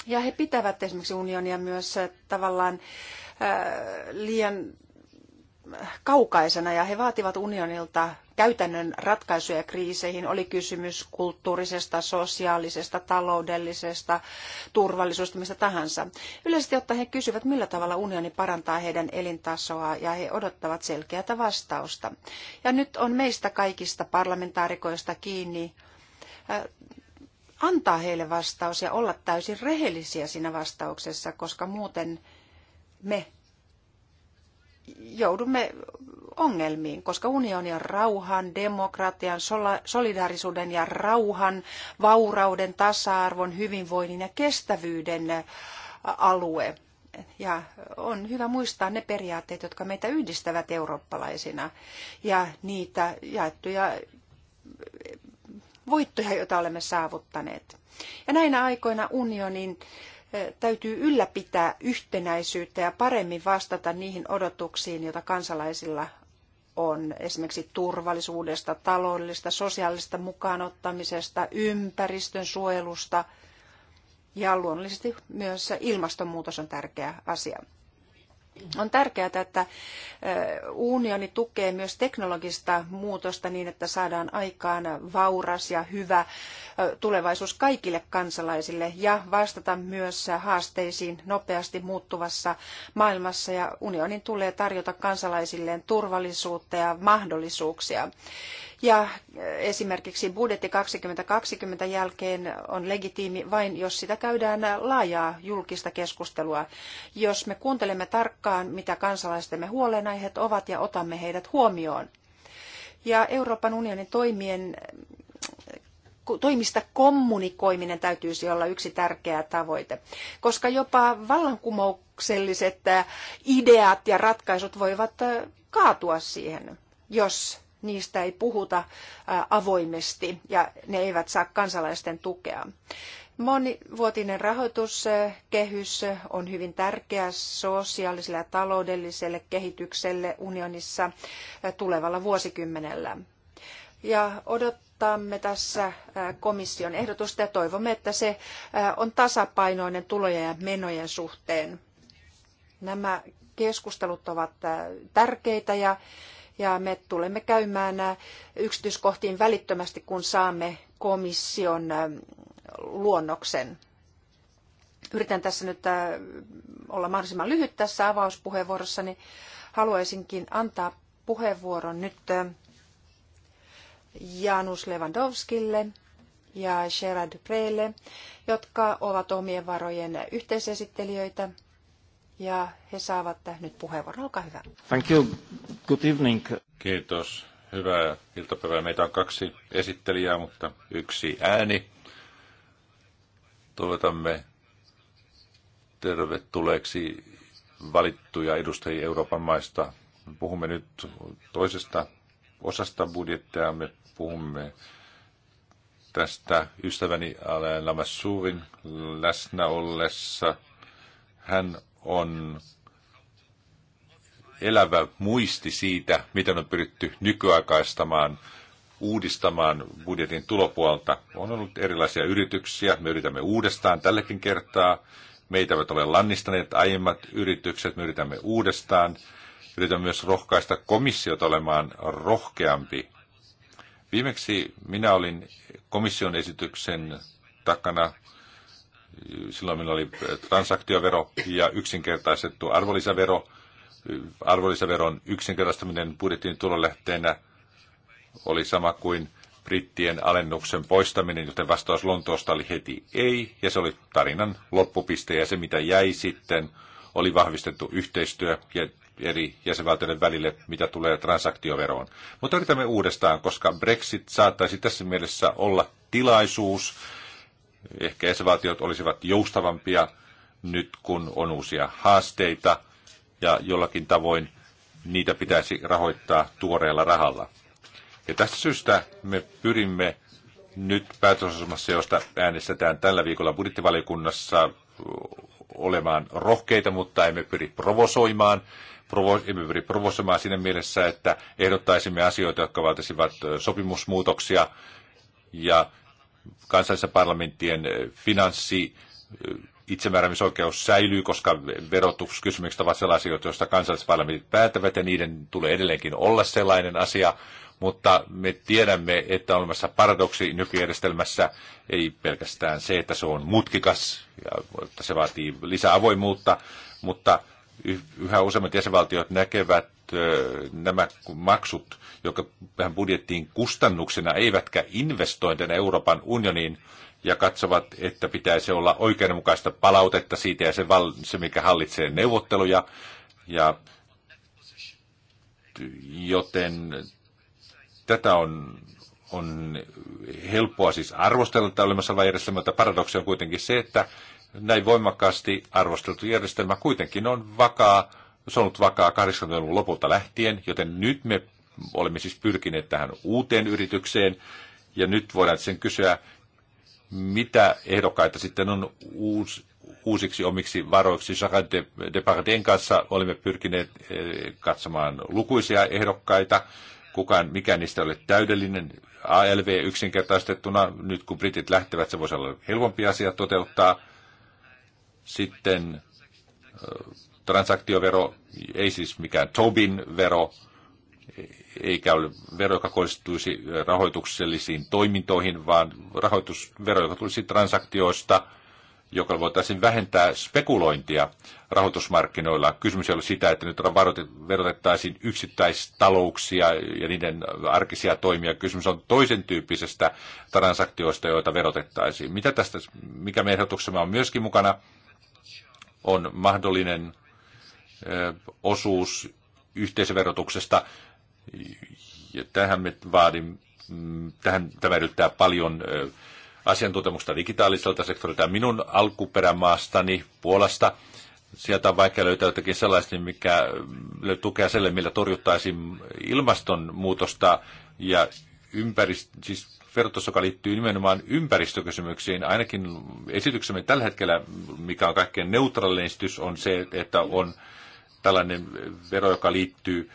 Ja he pitävät esimerkiksi unionia myös äh, tavallaan äh, liian kaukaisena ja he vaativat unionilta käytännön ratkaisuja kriiseihin, oli kysymys kulttuurisesta, sosiaalisesta, taloudellisesta, turvallisuudesta, mistä tahansa. Yleisesti ottaen he kysyvät, millä tavalla unioni parantaa heidän elintasoa ja he odottavat selkeää vastausta. Ja nyt on meistä kaikista parlamentaarikoista kiinni antaa heille vastaus ja olla täysin rehellisiä siinä vastauksessa, koska muuten me joudumme ongelmiin, koska unioni on rauhan, demokratian, solidaarisuuden ja rauhan, vaurauden, tasa-arvon, hyvinvoinnin ja kestävyyden alue. Ja on hyvä muistaa ne periaatteet, jotka meitä yhdistävät eurooppalaisina ja niitä jaettuja voittoja, joita olemme saavuttaneet. Ja näinä aikoina unionin täytyy ylläpitää yhtenäisyyttä ja paremmin vastata niihin odotuksiin, joita kansalaisilla on esimerkiksi turvallisuudesta, taloudellisesta, sosiaalisesta mukaanottamisesta, ympäristön suojelusta ja luonnollisesti myös ilmastonmuutos on tärkeä asia. On tärkeää, että unioni tukee myös teknologista muutosta niin, että saadaan aikaan vauras ja hyvä tulevaisuus kaikille kansalaisille ja vastata myös haasteisiin nopeasti muuttuvassa maailmassa. Ja unionin tulee tarjota kansalaisilleen turvallisuutta ja mahdollisuuksia. Ja esimerkiksi budjetti 2020 jälkeen on legitiimi vain, jos sitä käydään laajaa julkista keskustelua. Jos me kuuntelemme tarkkaan, mitä kansalaistemme huolenaiheet ovat ja otamme heidät huomioon. Ja Euroopan unionin toimien toimista kommunikoiminen täytyisi olla yksi tärkeä tavoite, koska jopa vallankumoukselliset äh, ideat ja ratkaisut voivat äh, kaatua siihen, jos niistä ei puhuta avoimesti ja ne eivät saa kansalaisten tukea. Monivuotinen rahoituskehys on hyvin tärkeä sosiaaliselle ja taloudelliselle kehitykselle unionissa tulevalla vuosikymmenellä. Ja odottamme tässä komission ehdotusta ja toivomme, että se on tasapainoinen tulojen ja menojen suhteen. Nämä keskustelut ovat tärkeitä ja ja me tulemme käymään äh, yksityiskohtiin välittömästi, kun saamme komission äh, luonnoksen. Yritän tässä nyt äh, olla mahdollisimman lyhyt tässä avauspuheenvuorossani. Haluaisinkin antaa puheenvuoron nyt Janus Lewandowskille ja Gerard Preille, jotka ovat omien varojen yhteisesittelijöitä ja he saavat nyt puheenvuoron. Olkaa hyvä. Thank you. Good evening. Kiitos. Hyvää iltapäivää. Meitä on kaksi esittelijää, mutta yksi ääni. Toivotamme tervetulleeksi valittuja edustajia Euroopan maista. Me puhumme nyt toisesta osasta budjettia. Me puhumme tästä ystäväni Alain Lamassuurin läsnä ollessa. Hän on elävä muisti siitä, miten on pyritty nykyaikaistamaan, uudistamaan budjetin tulopuolta. On ollut erilaisia yrityksiä, me yritämme uudestaan tälläkin kertaa. Meitä eivät ole lannistaneet aiemmat yritykset, me yritämme uudestaan. Yritämme myös rohkaista komissiota olemaan rohkeampi. Viimeksi minä olin komission esityksen takana silloin meillä oli eh, transaktiovero ja yksinkertaistettu arvonlisävero. Arvonlisäveron yksinkertaistaminen budjettiin tulolähteenä oli sama kuin brittien alennuksen poistaminen, joten vastaus Lontoosta oli heti ei, ja se oli tarinan loppupiste, ja se mitä jäi sitten oli vahvistettu yhteistyö ja eri jäsenvaltioiden välille, mitä tulee transaktioveroon. Mutta yritämme uudestaan, koska Brexit saattaisi tässä mielessä olla tilaisuus Ehkä jäsenvaltiot olisivat joustavampia nyt, kun on uusia haasteita ja jollakin tavoin niitä pitäisi rahoittaa tuoreella rahalla. Ja tästä syystä me pyrimme nyt päätösosumassa, josta äänestetään tällä viikolla budjettivaliokunnassa olemaan rohkeita, mutta emme pyri provosoimaan. Provo- emme pyri provosoimaan siinä mielessä, että ehdottaisimme asioita, jotka vaatisivat sopimusmuutoksia ja Kansallisen parlamenttien eh, finanssi eh, itsemääräämisoikeus säilyy, koska verotuskysymykset ovat sellaisia, joista kansalliset parlamentit päättävät ja niiden tulee edelleenkin olla sellainen asia, mutta me tiedämme, että on olemassa paradoksi nykyjärjestelmässä, ei pelkästään se, että se on mutkikas ja että se vaatii lisää avoimuutta, mutta yhä useammat jäsenvaltiot näkevät eh, nämä maksut joka budjettiin kustannuksena eivätkä investointina Euroopan unioniin ja katsovat, että pitäisi olla oikeudenmukaista palautetta siitä ja se, se mikä hallitsee neuvotteluja. Ja, joten tätä on on helppoa siis arvostella tätä olemassa olevaa järjestelmää, mutta paradoksi on kuitenkin se, että näin voimakkaasti arvosteltu järjestelmä kuitenkin on vakaa, se on ollut vakaa 80-luvun lopulta lähtien, joten nyt me olemme siis pyrkineet tähän uuteen yritykseen, ja nyt voidaan sen kysyä, mitä ehdokkaita sitten on uusi, uusiksi omiksi varoiksi. Jacques Deparden kanssa olemme pyrkineet eh, katsomaan lukuisia ehdokkaita. Kukaan, mikä niistä ei ole täydellinen. ALV yksinkertaistettuna, nyt kun britit lähtevät, se voisi olla helpompi asia toteuttaa. Sitten eh, transaktiovero, ei siis mikään Tobin vero, eikä ole vero, joka kohdistuisi rahoituksellisiin toimintoihin, vaan rahoitusvero, joka tulisi transaktioista, joka voitaisiin vähentää spekulointia rahoitusmarkkinoilla. Kysymys ei ole sitä, että nyt verotettaisiin yksittäistalouksia ja niiden arkisia toimia. Kysymys on toisen tyyppisestä transaktioista, joita verotettaisiin. Mitä tästä, mikä meidän ehdotuksemme on myöskin mukana, on mahdollinen osuus yhteisöverotuksesta, ja tähän me vaadimme, tähän, tämä edellyttää paljon asiantuntemusta digitaaliselta sektorilta. Minun alkuperämaastani Puolasta, sieltä on vaikea löytää jotakin sellaista, mikä tukea sille, millä torjuttaisiin ilmastonmuutosta ja ympäristö, siis verotus, joka liittyy nimenomaan ympäristökysymyksiin. Ainakin esityksemme tällä hetkellä, mikä on kaikkein neutraalinen esitys, on se, että on tällainen vero, joka liittyy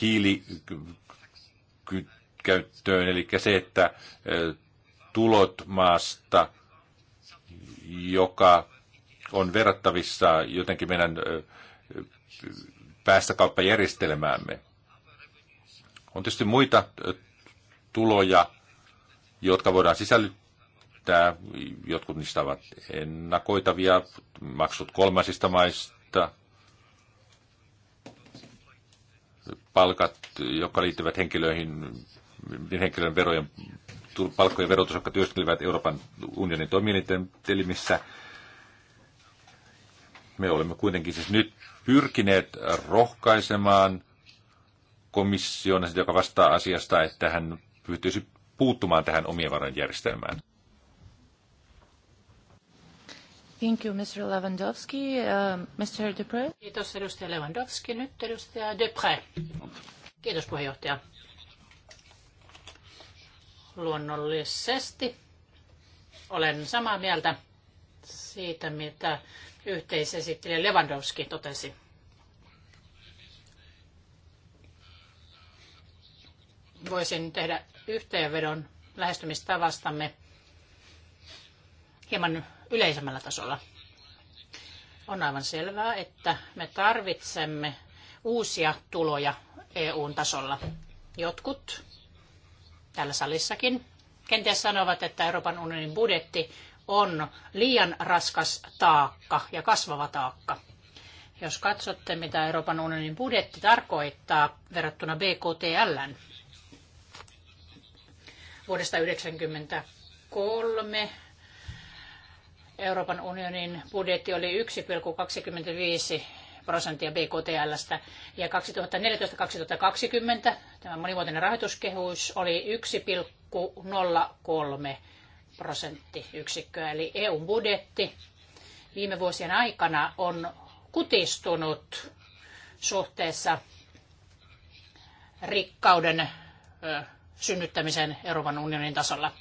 hiilikäyttöön, eli se, että tulot maasta, joka on verrattavissa jotenkin meidän päästökauppajärjestelmäämme. On tietysti muita tuloja, jotka voidaan sisällyttää. Jotkut niistä ovat ennakoitavia, maksut kolmasista maista, palkat, jotka liittyvät henkilöihin, niin henkilön verojen, palkkojen verotus, jotka työskentelevät Euroopan unionin toimielimissä. Me olemme kuitenkin siis nyt pyrkineet rohkaisemaan komission, joka vastaa asiasta, että hän pyytyisi puuttumaan tähän omien varojen järjestelmään. Thank you, Mr. Lewandowski. Uh, Mr. Dupre. Kiitos edustaja Lewandowski. Nyt edustaja Dupre. Kiitos puheenjohtaja. Luonnollisesti olen samaa mieltä siitä, mitä yhteisesittelijä Lewandowski totesi. Voisin tehdä yhteenvedon lähestymistavastamme hieman yleisemmällä tasolla. On aivan selvää, että me tarvitsemme uusia tuloja EUn tasolla. Jotkut täällä salissakin kenties sanovat, että Euroopan unionin budjetti on liian raskas taakka ja kasvava taakka. Jos katsotte, mitä Euroopan unionin budjetti tarkoittaa verrattuna BKTL vuodesta 1993 Euroopan unionin budjetti oli 1,25 prosenttia BKTLstä ja 2014-2020 tämä monivuotinen rahoituskehys oli 1,03 prosenttiyksikköä. Eli EUn budjetti viime vuosien aikana on kutistunut suhteessa rikkauden synnyttämisen Euroopan unionin tasolla.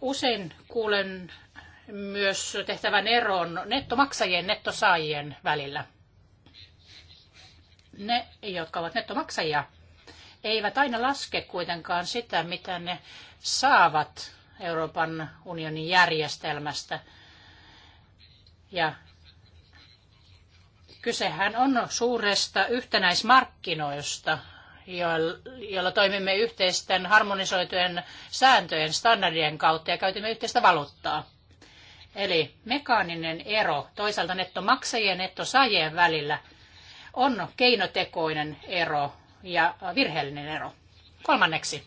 Usein kuulen myös tehtävän eron nettomaksajien nettosaajien välillä. Ne, jotka ovat nettomaksajia, eivät aina laske kuitenkaan sitä, mitä ne saavat Euroopan unionin järjestelmästä. Ja kysehän on suuresta yhtenäismarkkinoista, jolla toimimme yhteisten harmonisoitujen sääntöjen, standardien kautta ja käytimme yhteistä valuuttaa. Eli mekaaninen ero toisaalta nettomaksajien ja nettosaajien välillä on keinotekoinen ero ja virheellinen ero. Kolmanneksi,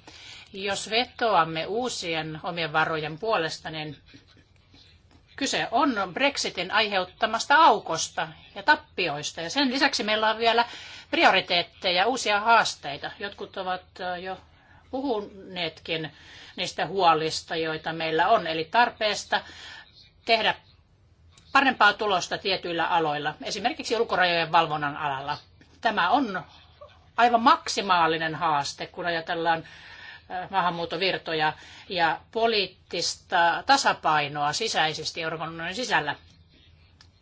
jos vetoamme uusien omien varojen puolesta, niin kyse on Brexitin aiheuttamasta aukosta ja tappioista. Ja sen lisäksi meillä on vielä prioriteetteja, uusia haasteita. Jotkut ovat jo puhuneetkin niistä huolista, joita meillä on, eli tarpeesta tehdä parempaa tulosta tietyillä aloilla, esimerkiksi ulkorajojen valvonnan alalla. Tämä on aivan maksimaalinen haaste, kun ajatellaan äh, maahanmuuttovirtoja ja poliittista tasapainoa sisäisesti Euroopan unionin sisällä.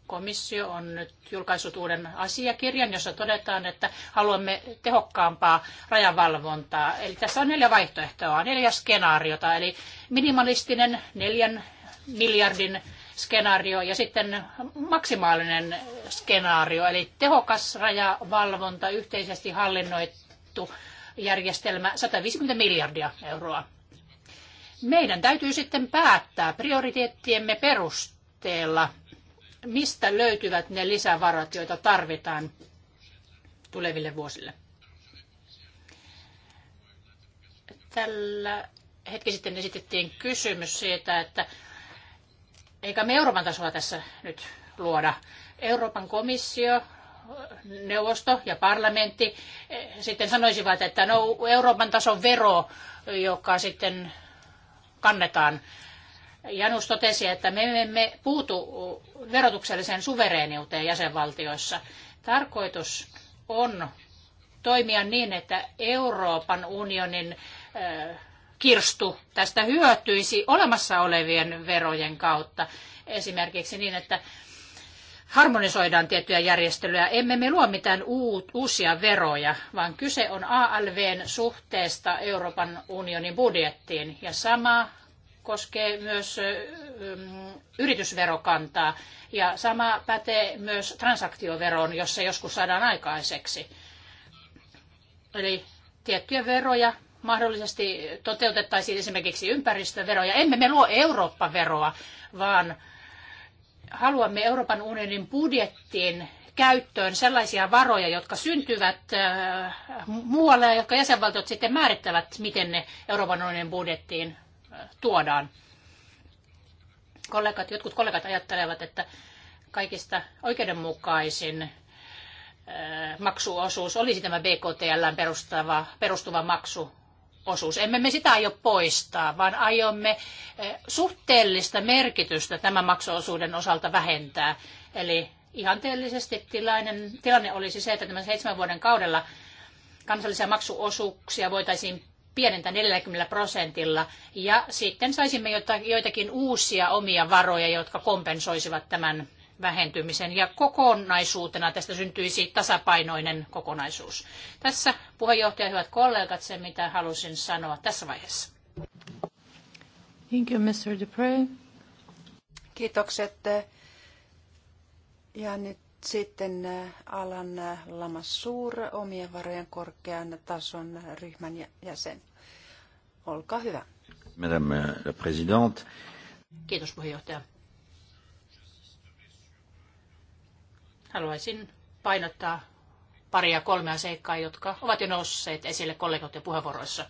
Komissio on nyt julkaissut uuden asiakirjan, jossa todetaan, että haluamme tehokkaampaa rajavalvontaa. Eli tässä on neljä vaihtoehtoa, neljä skenaariota, eli minimalistinen neljän miljardin skenaario ja sitten maksimaalinen skenaario, eli tehokas rajavalvonta, yhteisesti hallinnoitu järjestelmä, 150 miljardia euroa. Meidän täytyy sitten päättää prioriteettiemme perusteella, mistä löytyvät ne lisävarat, joita tarvitaan tuleville vuosille. Tällä hetki sitten esitettiin kysymys siitä, että eikä me Euroopan tasolla tässä nyt luoda. Euroopan komissio, neuvosto ja parlamentti eh, sitten sanoisivat, että no Euroopan tason vero, joka sitten kannetaan. Janus totesi, että me emme puutu verotukselliseen suvereeniuteen jäsenvaltioissa. Tarkoitus on toimia niin, että Euroopan unionin eh, kirstu tästä hyötyisi olemassa olevien verojen kautta. Esimerkiksi niin, että harmonisoidaan tiettyjä järjestelyjä. Emme me luo mitään uusia veroja, vaan kyse on ALVn suhteesta Euroopan unionin budjettiin. Ja sama koskee myös mm, yritysverokantaa ja sama pätee myös transaktioveroon, jossa joskus saadaan aikaiseksi. Eli tiettyjä veroja mahdollisesti toteutettaisiin esimerkiksi ympäristöveroja. Emme me luo Eurooppa-veroa, vaan haluamme Euroopan unionin budjettiin käyttöön sellaisia varoja, jotka syntyvät äh, muualle ja jotka jäsenvaltiot sitten määrittävät, miten ne Euroopan unionin budjettiin äh, tuodaan. Kollegat, jotkut kollegat ajattelevat, että kaikista oikeudenmukaisin äh, maksuosuus olisi tämä BKTL perustava, perustuva maksu osuus. Emme me sitä aio poistaa, vaan aiomme eh, suhteellista merkitystä tämän maksuosuuden osalta vähentää. Eli ihanteellisesti tilanne, tilanne olisi se, että tämän seitsemän vuoden kaudella kansallisia maksuosuuksia voitaisiin pienentää 40 prosentilla ja sitten saisimme joitakin uusia omia varoja, jotka kompensoisivat tämän vähentymisen ja kokonaisuutena tästä syntyisi tasapainoinen kokonaisuus. Tässä puheenjohtaja, hyvät kollegat, se mitä halusin sanoa tässä vaiheessa. Thank you, Mr. Dupre. Kiitokset. Ja nyt sitten äh, alan äh, Lamassuur, omien varojen korkean tason ryhmän jäsen. Olkaa hyvä. Madame la Présidente. Kiitos puheenjohtaja. Haluaisin painottaa paria kolmea seikkaa, jotka ovat jo nousseet esille kollegoiden puheenvuoroissa.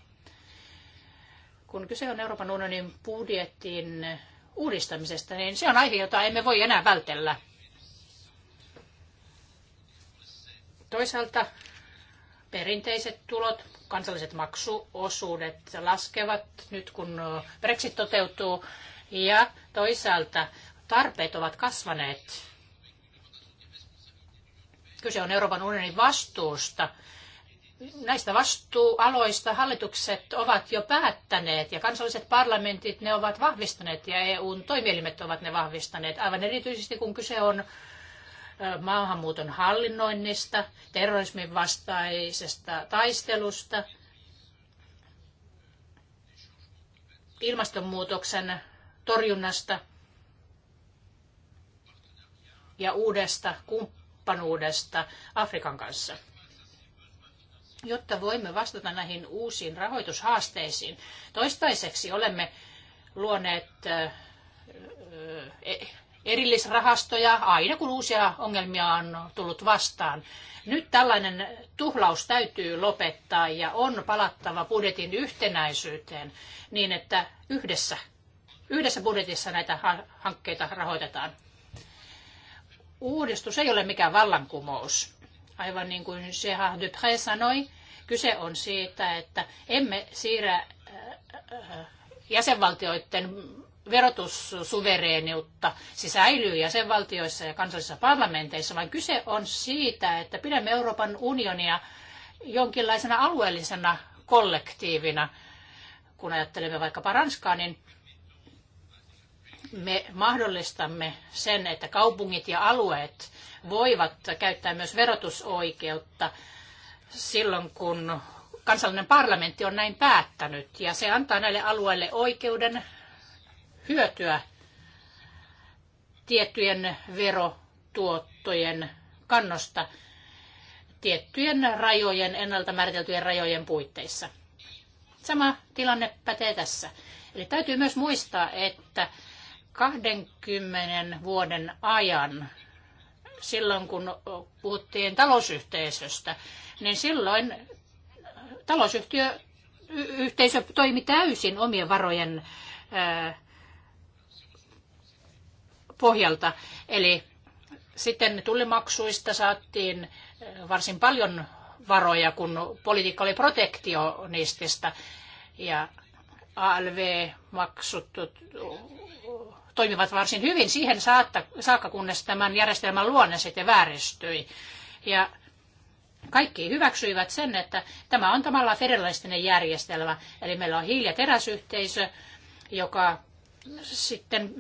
Kun kyse on Euroopan unionin budjetin uudistamisesta, niin se on aihe, jota emme voi enää vältellä. Toisaalta perinteiset tulot, kansalliset maksuosuudet laskevat nyt kun Brexit toteutuu ja toisaalta tarpeet ovat kasvaneet Kyse on Euroopan unionin vastuusta. Näistä vastuualoista hallitukset ovat jo päättäneet ja kansalliset parlamentit ne ovat vahvistaneet ja EUn toimielimet ovat ne vahvistaneet. Aivan erityisesti kun kyse on maahanmuuton hallinnoinnista, terrorismin vastaisesta taistelusta, ilmastonmuutoksen torjunnasta ja uudesta kumppanuudesta kumppanuudesta Afrikan kanssa. Jotta voimme vastata näihin uusiin rahoitushaasteisiin, toistaiseksi olemme luoneet erillisrahastoja aina kun uusia ongelmia on tullut vastaan. Nyt tällainen tuhlaus täytyy lopettaa ja on palattava budjetin yhtenäisyyteen niin, että yhdessä, yhdessä budjetissa näitä hankkeita rahoitetaan uudistus ei ole mikään vallankumous. Aivan niin kuin Gérard Dupré sanoi, kyse on siitä, että emme siirrä äh, äh, jäsenvaltioiden verotussuvereeniutta. siis säilyy jäsenvaltioissa ja kansallisissa parlamenteissa, vaan kyse on siitä, että pidämme Euroopan unionia jonkinlaisena alueellisena kollektiivina. Kun ajattelemme vaikkapa Ranskaa, niin me mahdollistamme sen, että kaupungit ja alueet voivat käyttää myös verotusoikeutta silloin, kun kansallinen parlamentti on näin päättänyt. Ja se antaa näille alueille oikeuden hyötyä tiettyjen verotuottojen kannosta tiettyjen rajojen, ennalta määriteltyjen rajojen puitteissa. Sama tilanne pätee tässä. Eli täytyy myös muistaa, että 20 vuoden ajan, silloin kun puhuttiin talousyhteisöstä, niin silloin talousyhtiö yhteisö toimi täysin omien varojen pohjalta. Eli sitten tullimaksuista saatiin varsin paljon varoja, kun politiikka oli protektionistista ja ALV-maksut toimivat varsin hyvin siihen saatta, saakka, kunnes tämän järjestelmän luonne sitten vääristyi. Ja kaikki hyväksyivät sen, että tämä on tavallaan federalistinen järjestelmä. Eli meillä on hiili- ja teräsyhteisö, joka sitten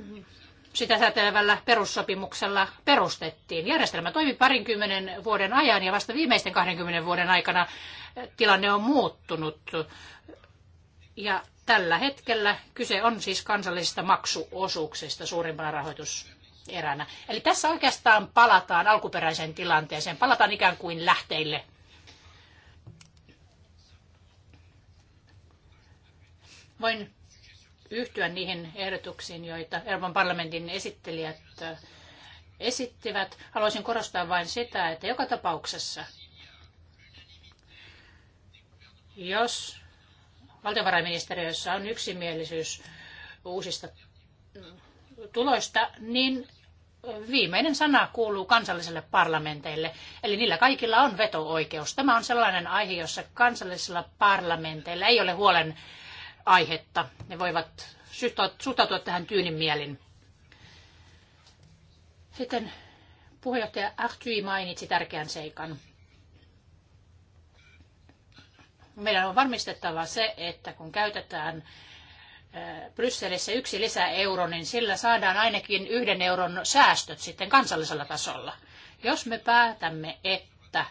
sitä säätelevällä perussopimuksella perustettiin. Järjestelmä toimi parinkymmenen vuoden ajan ja vasta viimeisten 20 vuoden aikana tilanne on muuttunut. Ja Tällä hetkellä kyse on siis kansallisista maksuosuuksista suurimpana rahoituseränä. Eli tässä oikeastaan palataan alkuperäiseen tilanteeseen, palataan ikään kuin lähteille. Voin yhtyä niihin ehdotuksiin, joita Euroopan parlamentin esittelijät äh, esittivät. Haluaisin korostaa vain sitä, että joka tapauksessa, jos valtiovarainministeriössä on yksimielisyys uusista tuloista, niin viimeinen sana kuuluu kansalliselle parlamenteille. Eli niillä kaikilla on veto-oikeus. Tämä on sellainen aihe, jossa kansallisilla parlamenteilla ei ole huolen aihetta. Ne voivat suhtautua tähän tyynin mielin. Sitten puheenjohtaja Ahtyi mainitsi tärkeän seikan meidän on varmistettava se, että kun käytetään Brysselissä yksi lisäeuro, niin sillä saadaan ainakin yhden euron säästöt sitten kansallisella tasolla. Jos me päätämme, että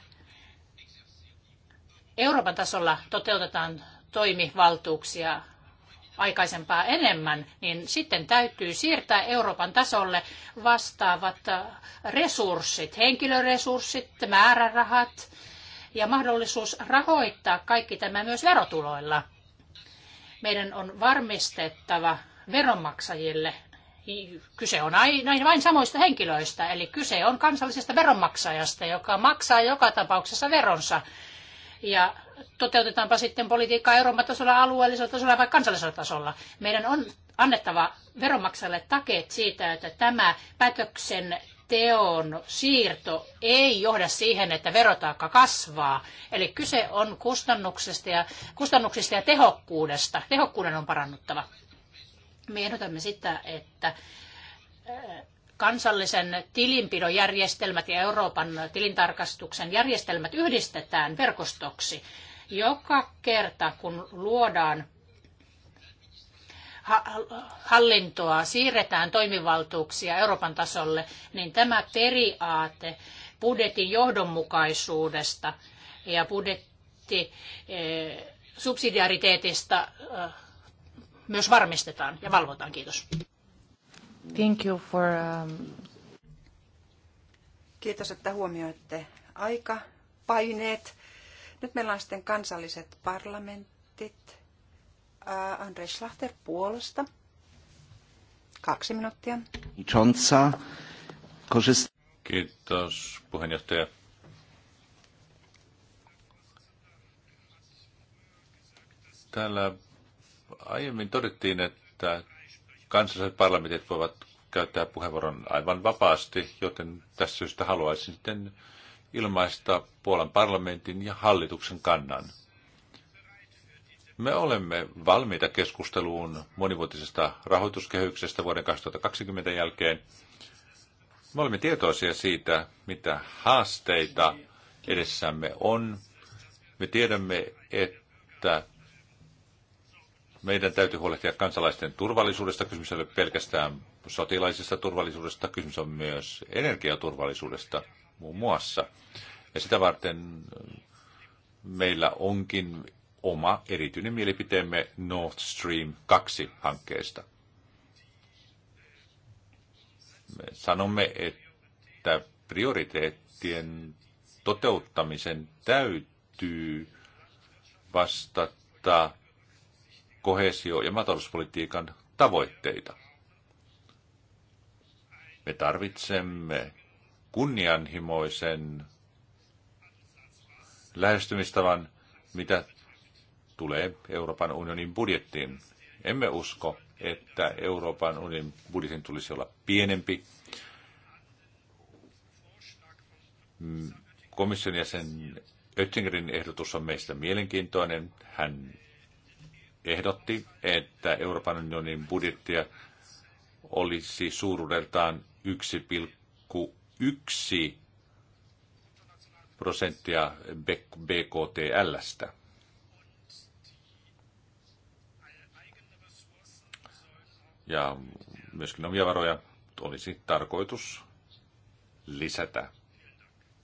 Euroopan tasolla toteutetaan toimivaltuuksia aikaisempaa enemmän, niin sitten täytyy siirtää Euroopan tasolle vastaavat resurssit, henkilöresurssit, määrärahat, ja mahdollisuus rahoittaa kaikki tämä myös verotuloilla. Meidän on varmistettava veronmaksajille, kyse on aina vain samoista henkilöistä, eli kyse on kansallisesta veronmaksajasta, joka maksaa joka tapauksessa veronsa. Ja toteutetaanpa sitten politiikkaa Euroopan tasolla, alueellisella tasolla vai kansallisella tasolla. Meidän on annettava veronmaksajalle takeet siitä, että tämä päätöksen teon siirto ei johda siihen, että verotaakka kasvaa. Eli kyse on kustannuksista ja, kustannuksista ja tehokkuudesta. Tehokkuuden on parannuttava. Me ehdotamme sitä, että eh, kansallisen tilinpidon järjestelmät ja Euroopan tilintarkastuksen järjestelmät yhdistetään verkostoksi. Joka kerta, kun luodaan hallintoa, siirretään toimivaltuuksia Euroopan tasolle, niin tämä periaate budjetin johdonmukaisuudesta ja budjetti e, subsidiariteetista e, myös varmistetaan ja valvotaan. Kiitos. Thank you for, um... Kiitos, että huomioitte aikapaineet. Nyt meillä on sitten kansalliset parlamentit. Äh, Andrei Schlachter Kaksi minuuttia. Johnsa, Kiitos puheenjohtaja. Täällä aiemmin todettiin, että kansalliset parlamentit voivat käyttää puheenvuoron aivan vapaasti, joten tässä syystä haluaisin sitten ilmaista Puolan parlamentin ja hallituksen kannan. Me olemme valmiita keskusteluun monivuotisesta rahoituskehyksestä vuoden 2020 jälkeen. Me olemme tietoisia siitä, mitä haasteita edessämme on. Me tiedämme, että meidän täytyy huolehtia kansalaisten turvallisuudesta. Kysymys ei ole pelkästään sotilaisesta turvallisuudesta, kysymys on myös energiaturvallisuudesta muun muassa. Ja sitä varten meillä onkin oma erityinen mielipiteemme Nord Stream 2-hankkeesta. Me sanomme, että prioriteettien toteuttamisen täytyy vastata kohesio- ja maatalouspolitiikan tavoitteita. Me tarvitsemme kunnianhimoisen lähestymistavan, mitä tulee Euroopan unionin budjettiin. Emme usko, että Euroopan unionin budjetin tulisi olla pienempi. Mm, komission jäsen Oettingerin ehdotus on meistä mielenkiintoinen. Hän ehdotti, että Euroopan unionin budjettia olisi suuruudeltaan 1,1 prosenttia BKTLstä. ja myöskin omia varoja olisi tarkoitus lisätä.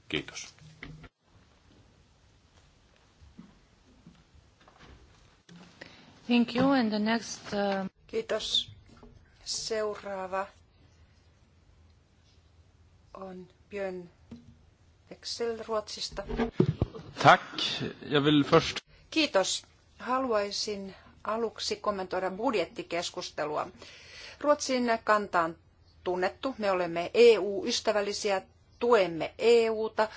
Kiitos. Thank you. And the next, uh... Kiitos. Seuraava on Björn Excel Ruotsista. Tack. Jag vill först... Kiitos. Haluaisin aluksi kommentoida budjettikeskustelua. Ruotsin kanta on tunnettu. Me olemme EU-ystävällisiä, tuemme EUta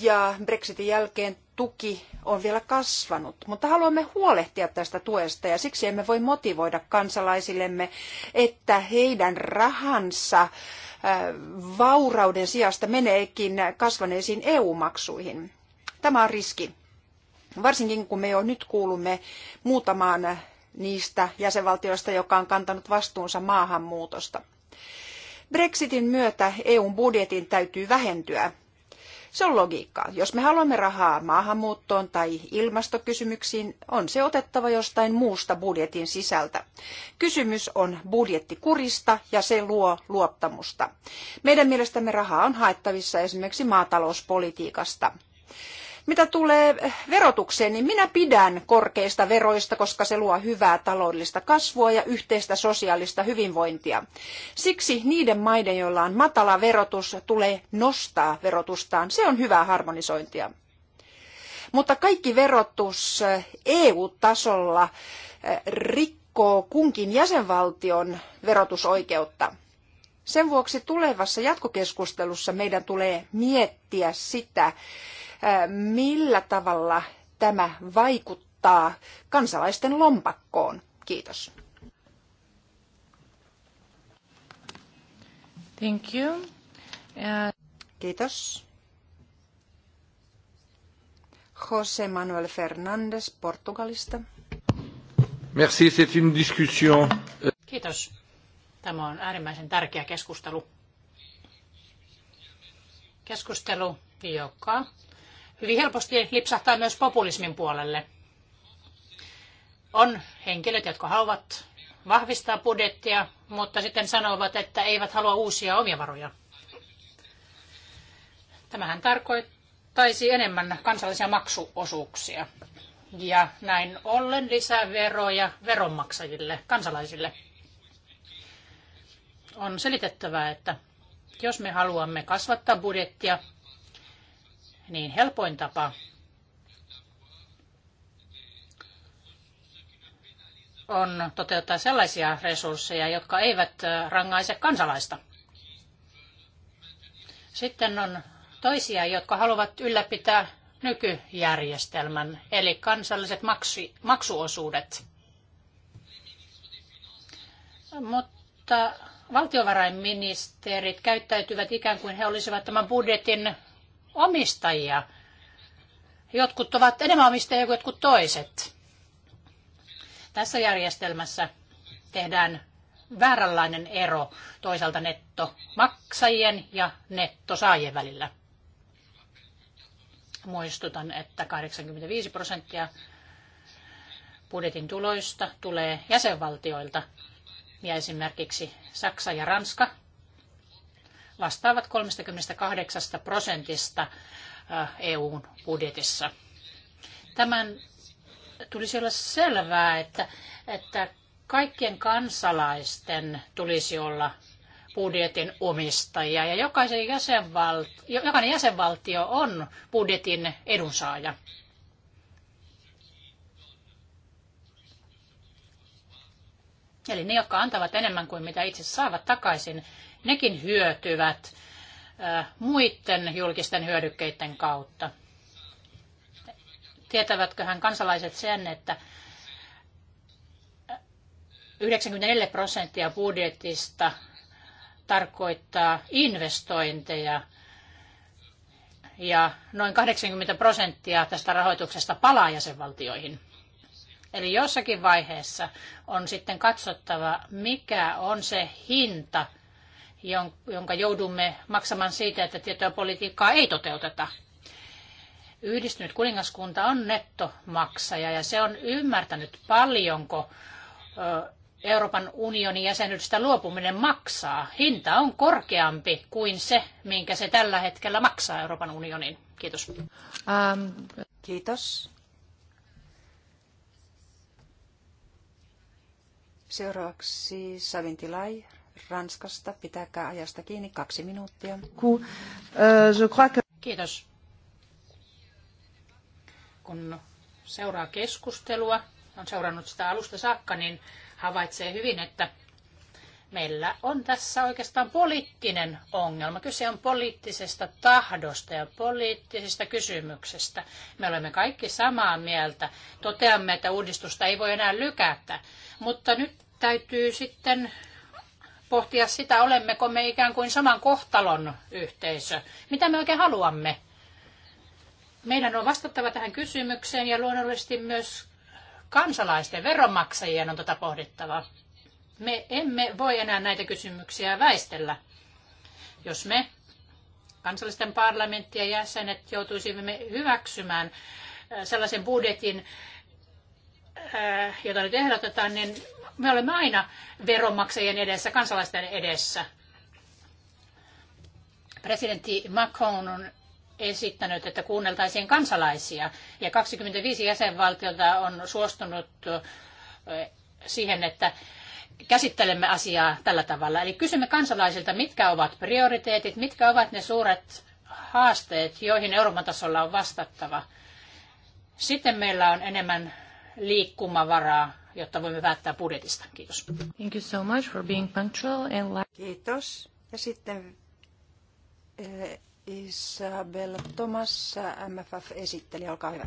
ja Brexitin jälkeen tuki on vielä kasvanut, mutta haluamme huolehtia tästä tuesta ja siksi emme voi motivoida kansalaisillemme, että heidän rahansa äh, vaurauden sijasta meneekin kasvaneisiin EU-maksuihin. Tämä on riski. Varsinkin kun me jo nyt kuulumme muutamaan niistä jäsenvaltioista, joka on kantanut vastuunsa maahanmuutosta. Brexitin myötä EUn budjetin täytyy vähentyä. Se on logiikkaa. Jos me haluamme rahaa maahanmuuttoon tai ilmastokysymyksiin, on se otettava jostain muusta budjetin sisältä. Kysymys on budjettikurista ja se luo luottamusta. Meidän mielestämme rahaa on haettavissa esimerkiksi maatalouspolitiikasta. Mitä tulee verotukseen, niin minä pidän korkeista veroista, koska se luo hyvää taloudellista kasvua ja yhteistä sosiaalista hyvinvointia. Siksi niiden maiden, joilla on matala verotus, tulee nostaa verotustaan. Se on hyvää harmonisointia. Mutta kaikki verotus EU-tasolla eh, e eh, rikkoo kunkin jäsenvaltion verotusoikeutta. Sen vuoksi tulevassa jatkokeskustelussa meidän tulee miettiä sitä, millä tavalla tämä vaikuttaa kansalaisten lompakkoon? Kiitos. Thank you. Uh... Kiitos. José Manuel Fernández Portugalista. Merci, c'est une discussion. Kiitos. Tämä on äärimmäisen tärkeä keskustelu. Keskustelu, joka hyvin helposti lipsahtaa myös populismin puolelle. On henkilöt, jotka haluavat vahvistaa budjettia, mutta sitten sanovat, että eivät halua uusia omia varoja. Tämähän tarkoittaisi enemmän kansallisia maksuosuuksia ja näin ollen lisää veroja veronmaksajille, kansalaisille. On selitettävää, että jos me haluamme kasvattaa budjettia, niin helpoin tapa on toteuttaa sellaisia resursseja, jotka eivät rangaise kansalaista. Sitten on toisia, jotka haluavat ylläpitää nykyjärjestelmän, eli kansalliset maksi, maksuosuudet. Mutta valtiovarainministerit käyttäytyvät ikään kuin he olisivat tämän budjetin omistajia. Jotkut ovat enemmän omistajia kuin jotkut toiset. Tässä järjestelmässä tehdään vääränlainen ero toisaalta nettomaksajien ja nettosaajien välillä. Muistutan, että 85 prosenttia budjetin tuloista tulee jäsenvaltioilta ja esimerkiksi Saksa ja Ranska vastaavat 38 prosentista EUn budjetissa. Tämän tulisi olla selvää, että, että kaikkien kansalaisten tulisi olla budjetin omistajia ja jokaisen jäsenvaltio, jokainen jäsenvaltio on budjetin edunsaaja. Eli ne, jotka antavat enemmän kuin mitä itse saavat takaisin, nekin hyötyvät muiden julkisten hyödykkeiden kautta. Tietävätköhän kansalaiset sen, että 94 prosenttia budjetista tarkoittaa investointeja ja noin 80 prosenttia tästä rahoituksesta palaa jäsenvaltioihin. Eli jossakin vaiheessa on sitten katsottava, mikä on se hinta, jonka joudumme maksamaan siitä, että tietoa politiikkaa ei toteuteta. Yhdistynyt kuningaskunta on nettomaksaja ja se on ymmärtänyt paljonko Euroopan unionin jäsenyydestä luopuminen maksaa. Hinta on korkeampi kuin se, minkä se tällä hetkellä maksaa Euroopan unionin. Kiitos. Um, kiitos. Seuraavaksi Savintilai Ranskasta. Pitäkää ajasta kiinni kaksi minuuttia. Eh, Kiitos. Kun seuraa keskustelua, on seurannut sitä alusta saakka, niin havaitsee hyvin, että meillä on tässä oikeastaan poliittinen ongelma. Kyse on poliittisesta tahdosta ja poliittisesta kysymyksestä. Me olemme kaikki samaa mieltä. Toteamme, että uudistusta ei voi enää lykätä. Mutta nyt täytyy sitten pohtia sitä, olemmeko me ikään kuin saman kohtalon yhteisö. Mitä me oikein haluamme? Meidän on vastattava tähän kysymykseen ja luonnollisesti myös kansalaisten veronmaksajien on tätä tota pohdittava. Me emme voi enää näitä kysymyksiä väistellä. Jos me kansallisten parlamenttien jäsenet joutuisimme hyväksymään äh, sellaisen budjetin, äh, jota nyt ehdotetaan, niin me olemme aina veronmaksajien edessä, kansalaisten edessä. Presidentti Macron on esittänyt, että kuunneltaisiin kansalaisia. Ja 25 jäsenvaltiota on suostunut siihen, että käsittelemme asiaa tällä tavalla. Eli kysymme kansalaisilta, mitkä ovat prioriteetit, mitkä ovat ne suuret haasteet, joihin Euroopan tasolla on vastattava. Sitten meillä on enemmän liikkumavaraa jotta voimme päättää budjetista. Kiitos. Thank you so much for being punctual and... Kiitos. Ja sitten eh, Isabella Thomas, MFF-esitteli, olkaa hyvä.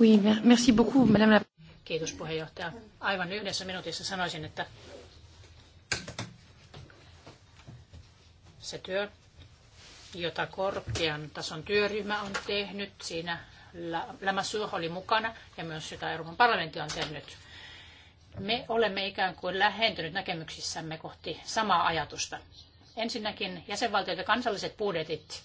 Oui, merci beaucoup, madame la... Kiitos puheenjohtaja. Aivan yhdessä minuutissa sanoisin, että se työ, jota korkean tason työryhmä on tehnyt, siinä Lamassuur oli mukana ja myös sitä Euroopan parlamentti on tehnyt. Me olemme ikään kuin lähentynyt näkemyksissämme kohti samaa ajatusta. Ensinnäkin jäsenvaltiot ja kansalliset budjetit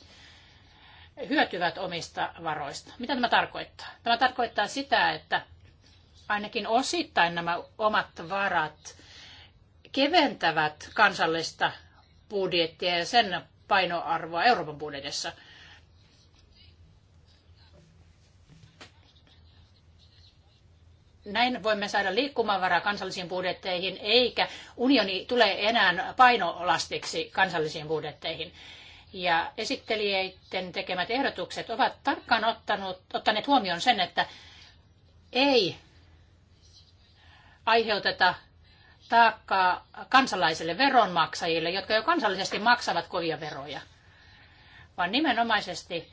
hyötyvät omista varoista. Mitä tämä tarkoittaa? Tämä tarkoittaa sitä, että ainakin osittain nämä omat varat keventävät kansallista budjettia ja sen painoarvoa Euroopan budjetissa – näin voimme saada liikkumavaraa kansallisiin budjetteihin, eikä unioni tule enää painolastiksi kansallisiin budjetteihin. Ja esittelijöiden tekemät ehdotukset ovat tarkkaan ottanut, ottaneet huomioon sen, että ei aiheuteta taakkaa kansalaisille veronmaksajille, jotka jo kansallisesti maksavat kovia veroja, vaan nimenomaisesti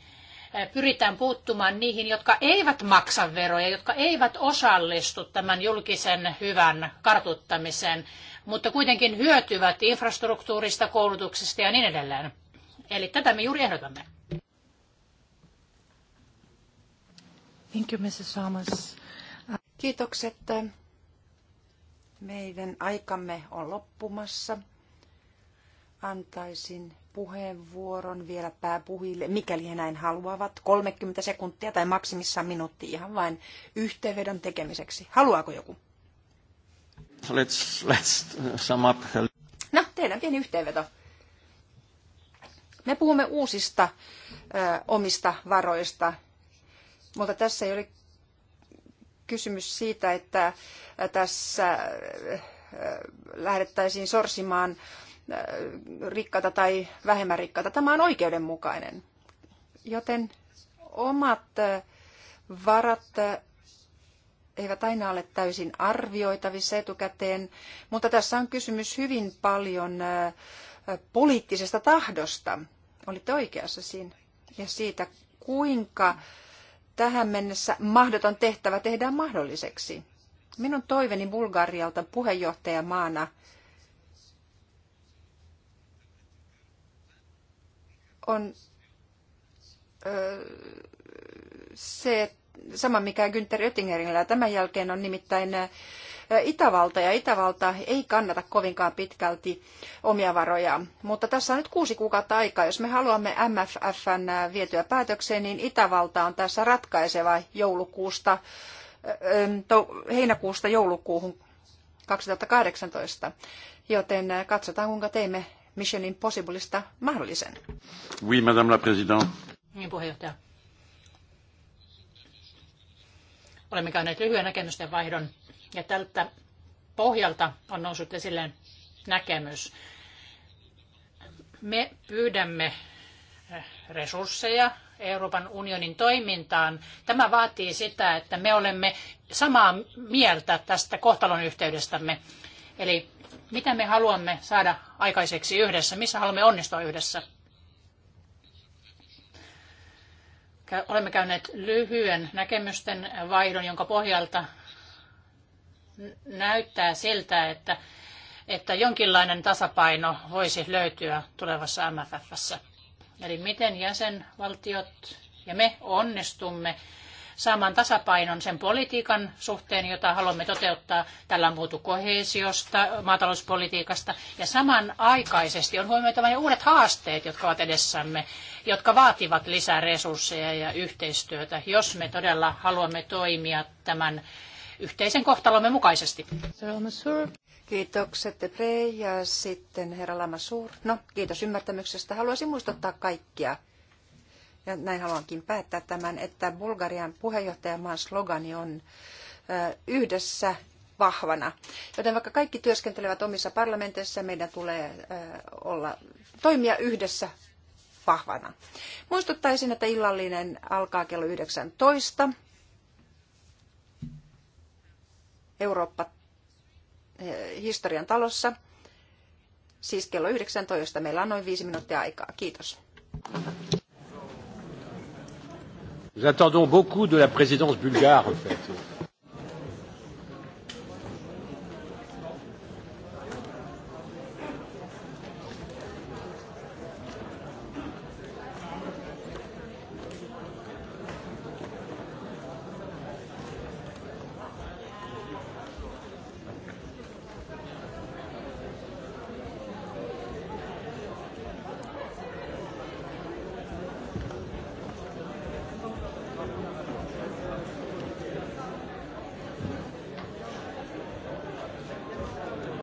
pyritään puuttumaan niihin, jotka eivät maksa veroja, jotka eivät osallistu tämän julkisen hyvän kartuttamiseen, mutta kuitenkin hyötyvät infrastruktuurista, koulutuksesta ja niin edelleen. Eli tätä me juuri ehdotamme. Thank you, Mrs. Thomas. Kiitokset. Meidän aikamme on loppumassa. Antaisin puheenvuoron vielä pääpuhille, mikäli he näin haluavat. 30 sekuntia tai maksimissaan minuutti ihan vain yhteenvedon tekemiseksi. Haluaako joku? Let's, let's uh, sum up. No, tehdään pieni yhteenveto. Me puhumme uusista ö, omista varoista, mutta tässä ei ole kysymys siitä, että tässä ö, lähdettäisiin sorsimaan ö, Äh, rikkaita tai vähemmän rikkaita. Tämä on oikeudenmukainen. Joten omat äh, varat äh, eivät aina ole täysin arvioitavissa etukäteen, mutta tässä on kysymys hyvin paljon poliittisesta tahdosta. Olitte oikeassa siinä. Ja siitä, kuinka tähän mennessä mahdoton tehtävä tehdään mahdolliseksi. Minun toiveni Bulgarialta puheenjohtajamaana maana on se sama, mikä Günther Oettingerillä. Tämän jälkeen on nimittäin Itävalta, ja Itävalta ei kannata kovinkaan pitkälti omia varoja. Mutta tässä on nyt kuusi kuukautta aikaa. Jos me haluamme MFFn vietyä päätökseen, niin Itävalta on tässä ratkaiseva joulukuusta, heinäkuusta joulukuuhun 2018. Joten katsotaan, kuinka teemme Mission Impossibleista mahdollisen? Oui, madame la présidente. Niin, puheenjohtaja. Olemme käyneet lyhyen näkemysten vaihdon ja tältä pohjalta on noussut esille näkemys. Me pyydämme eh, resursseja Euroopan unionin toimintaan. Tämä vaatii sitä, että me olemme samaa mieltä tästä kohtalon yhteydestämme. Eli mitä me haluamme saada aikaiseksi yhdessä, missä haluamme onnistua yhdessä. Olemme käyneet lyhyen näkemysten vaihdon, jonka pohjalta näyttää siltä, että, että jonkinlainen tasapaino voisi löytyä tulevassa MFFssä. Eli miten jäsenvaltiot ja me onnistumme saamaan tasapainon sen politiikan suhteen, jota haluamme toteuttaa. Tällä on puhuttu kohesiosta, maatalouspolitiikasta ja samanaikaisesti on huomioitava ne uudet haasteet, jotka ovat edessämme, jotka vaativat lisää resursseja ja yhteistyötä, jos me todella haluamme toimia tämän yhteisen kohtalomme mukaisesti. Kiitokset Debre ja sitten herra No, kiitos ymmärtämyksestä. Haluaisin muistuttaa kaikkia ja näin haluankin päättää tämän, että Bulgarian puheenjohtajamaan slogani on yhdessä vahvana. Joten vaikka kaikki työskentelevät omissa parlamenteissa, meidän tulee olla, toimia yhdessä vahvana. Muistuttaisin, että illallinen alkaa kello 19. Eurooppa historian talossa. Siis kello 19. Meillä on noin viisi minuuttia aikaa. Kiitos. Nous attendons beaucoup de la présidence bulgare, en fait.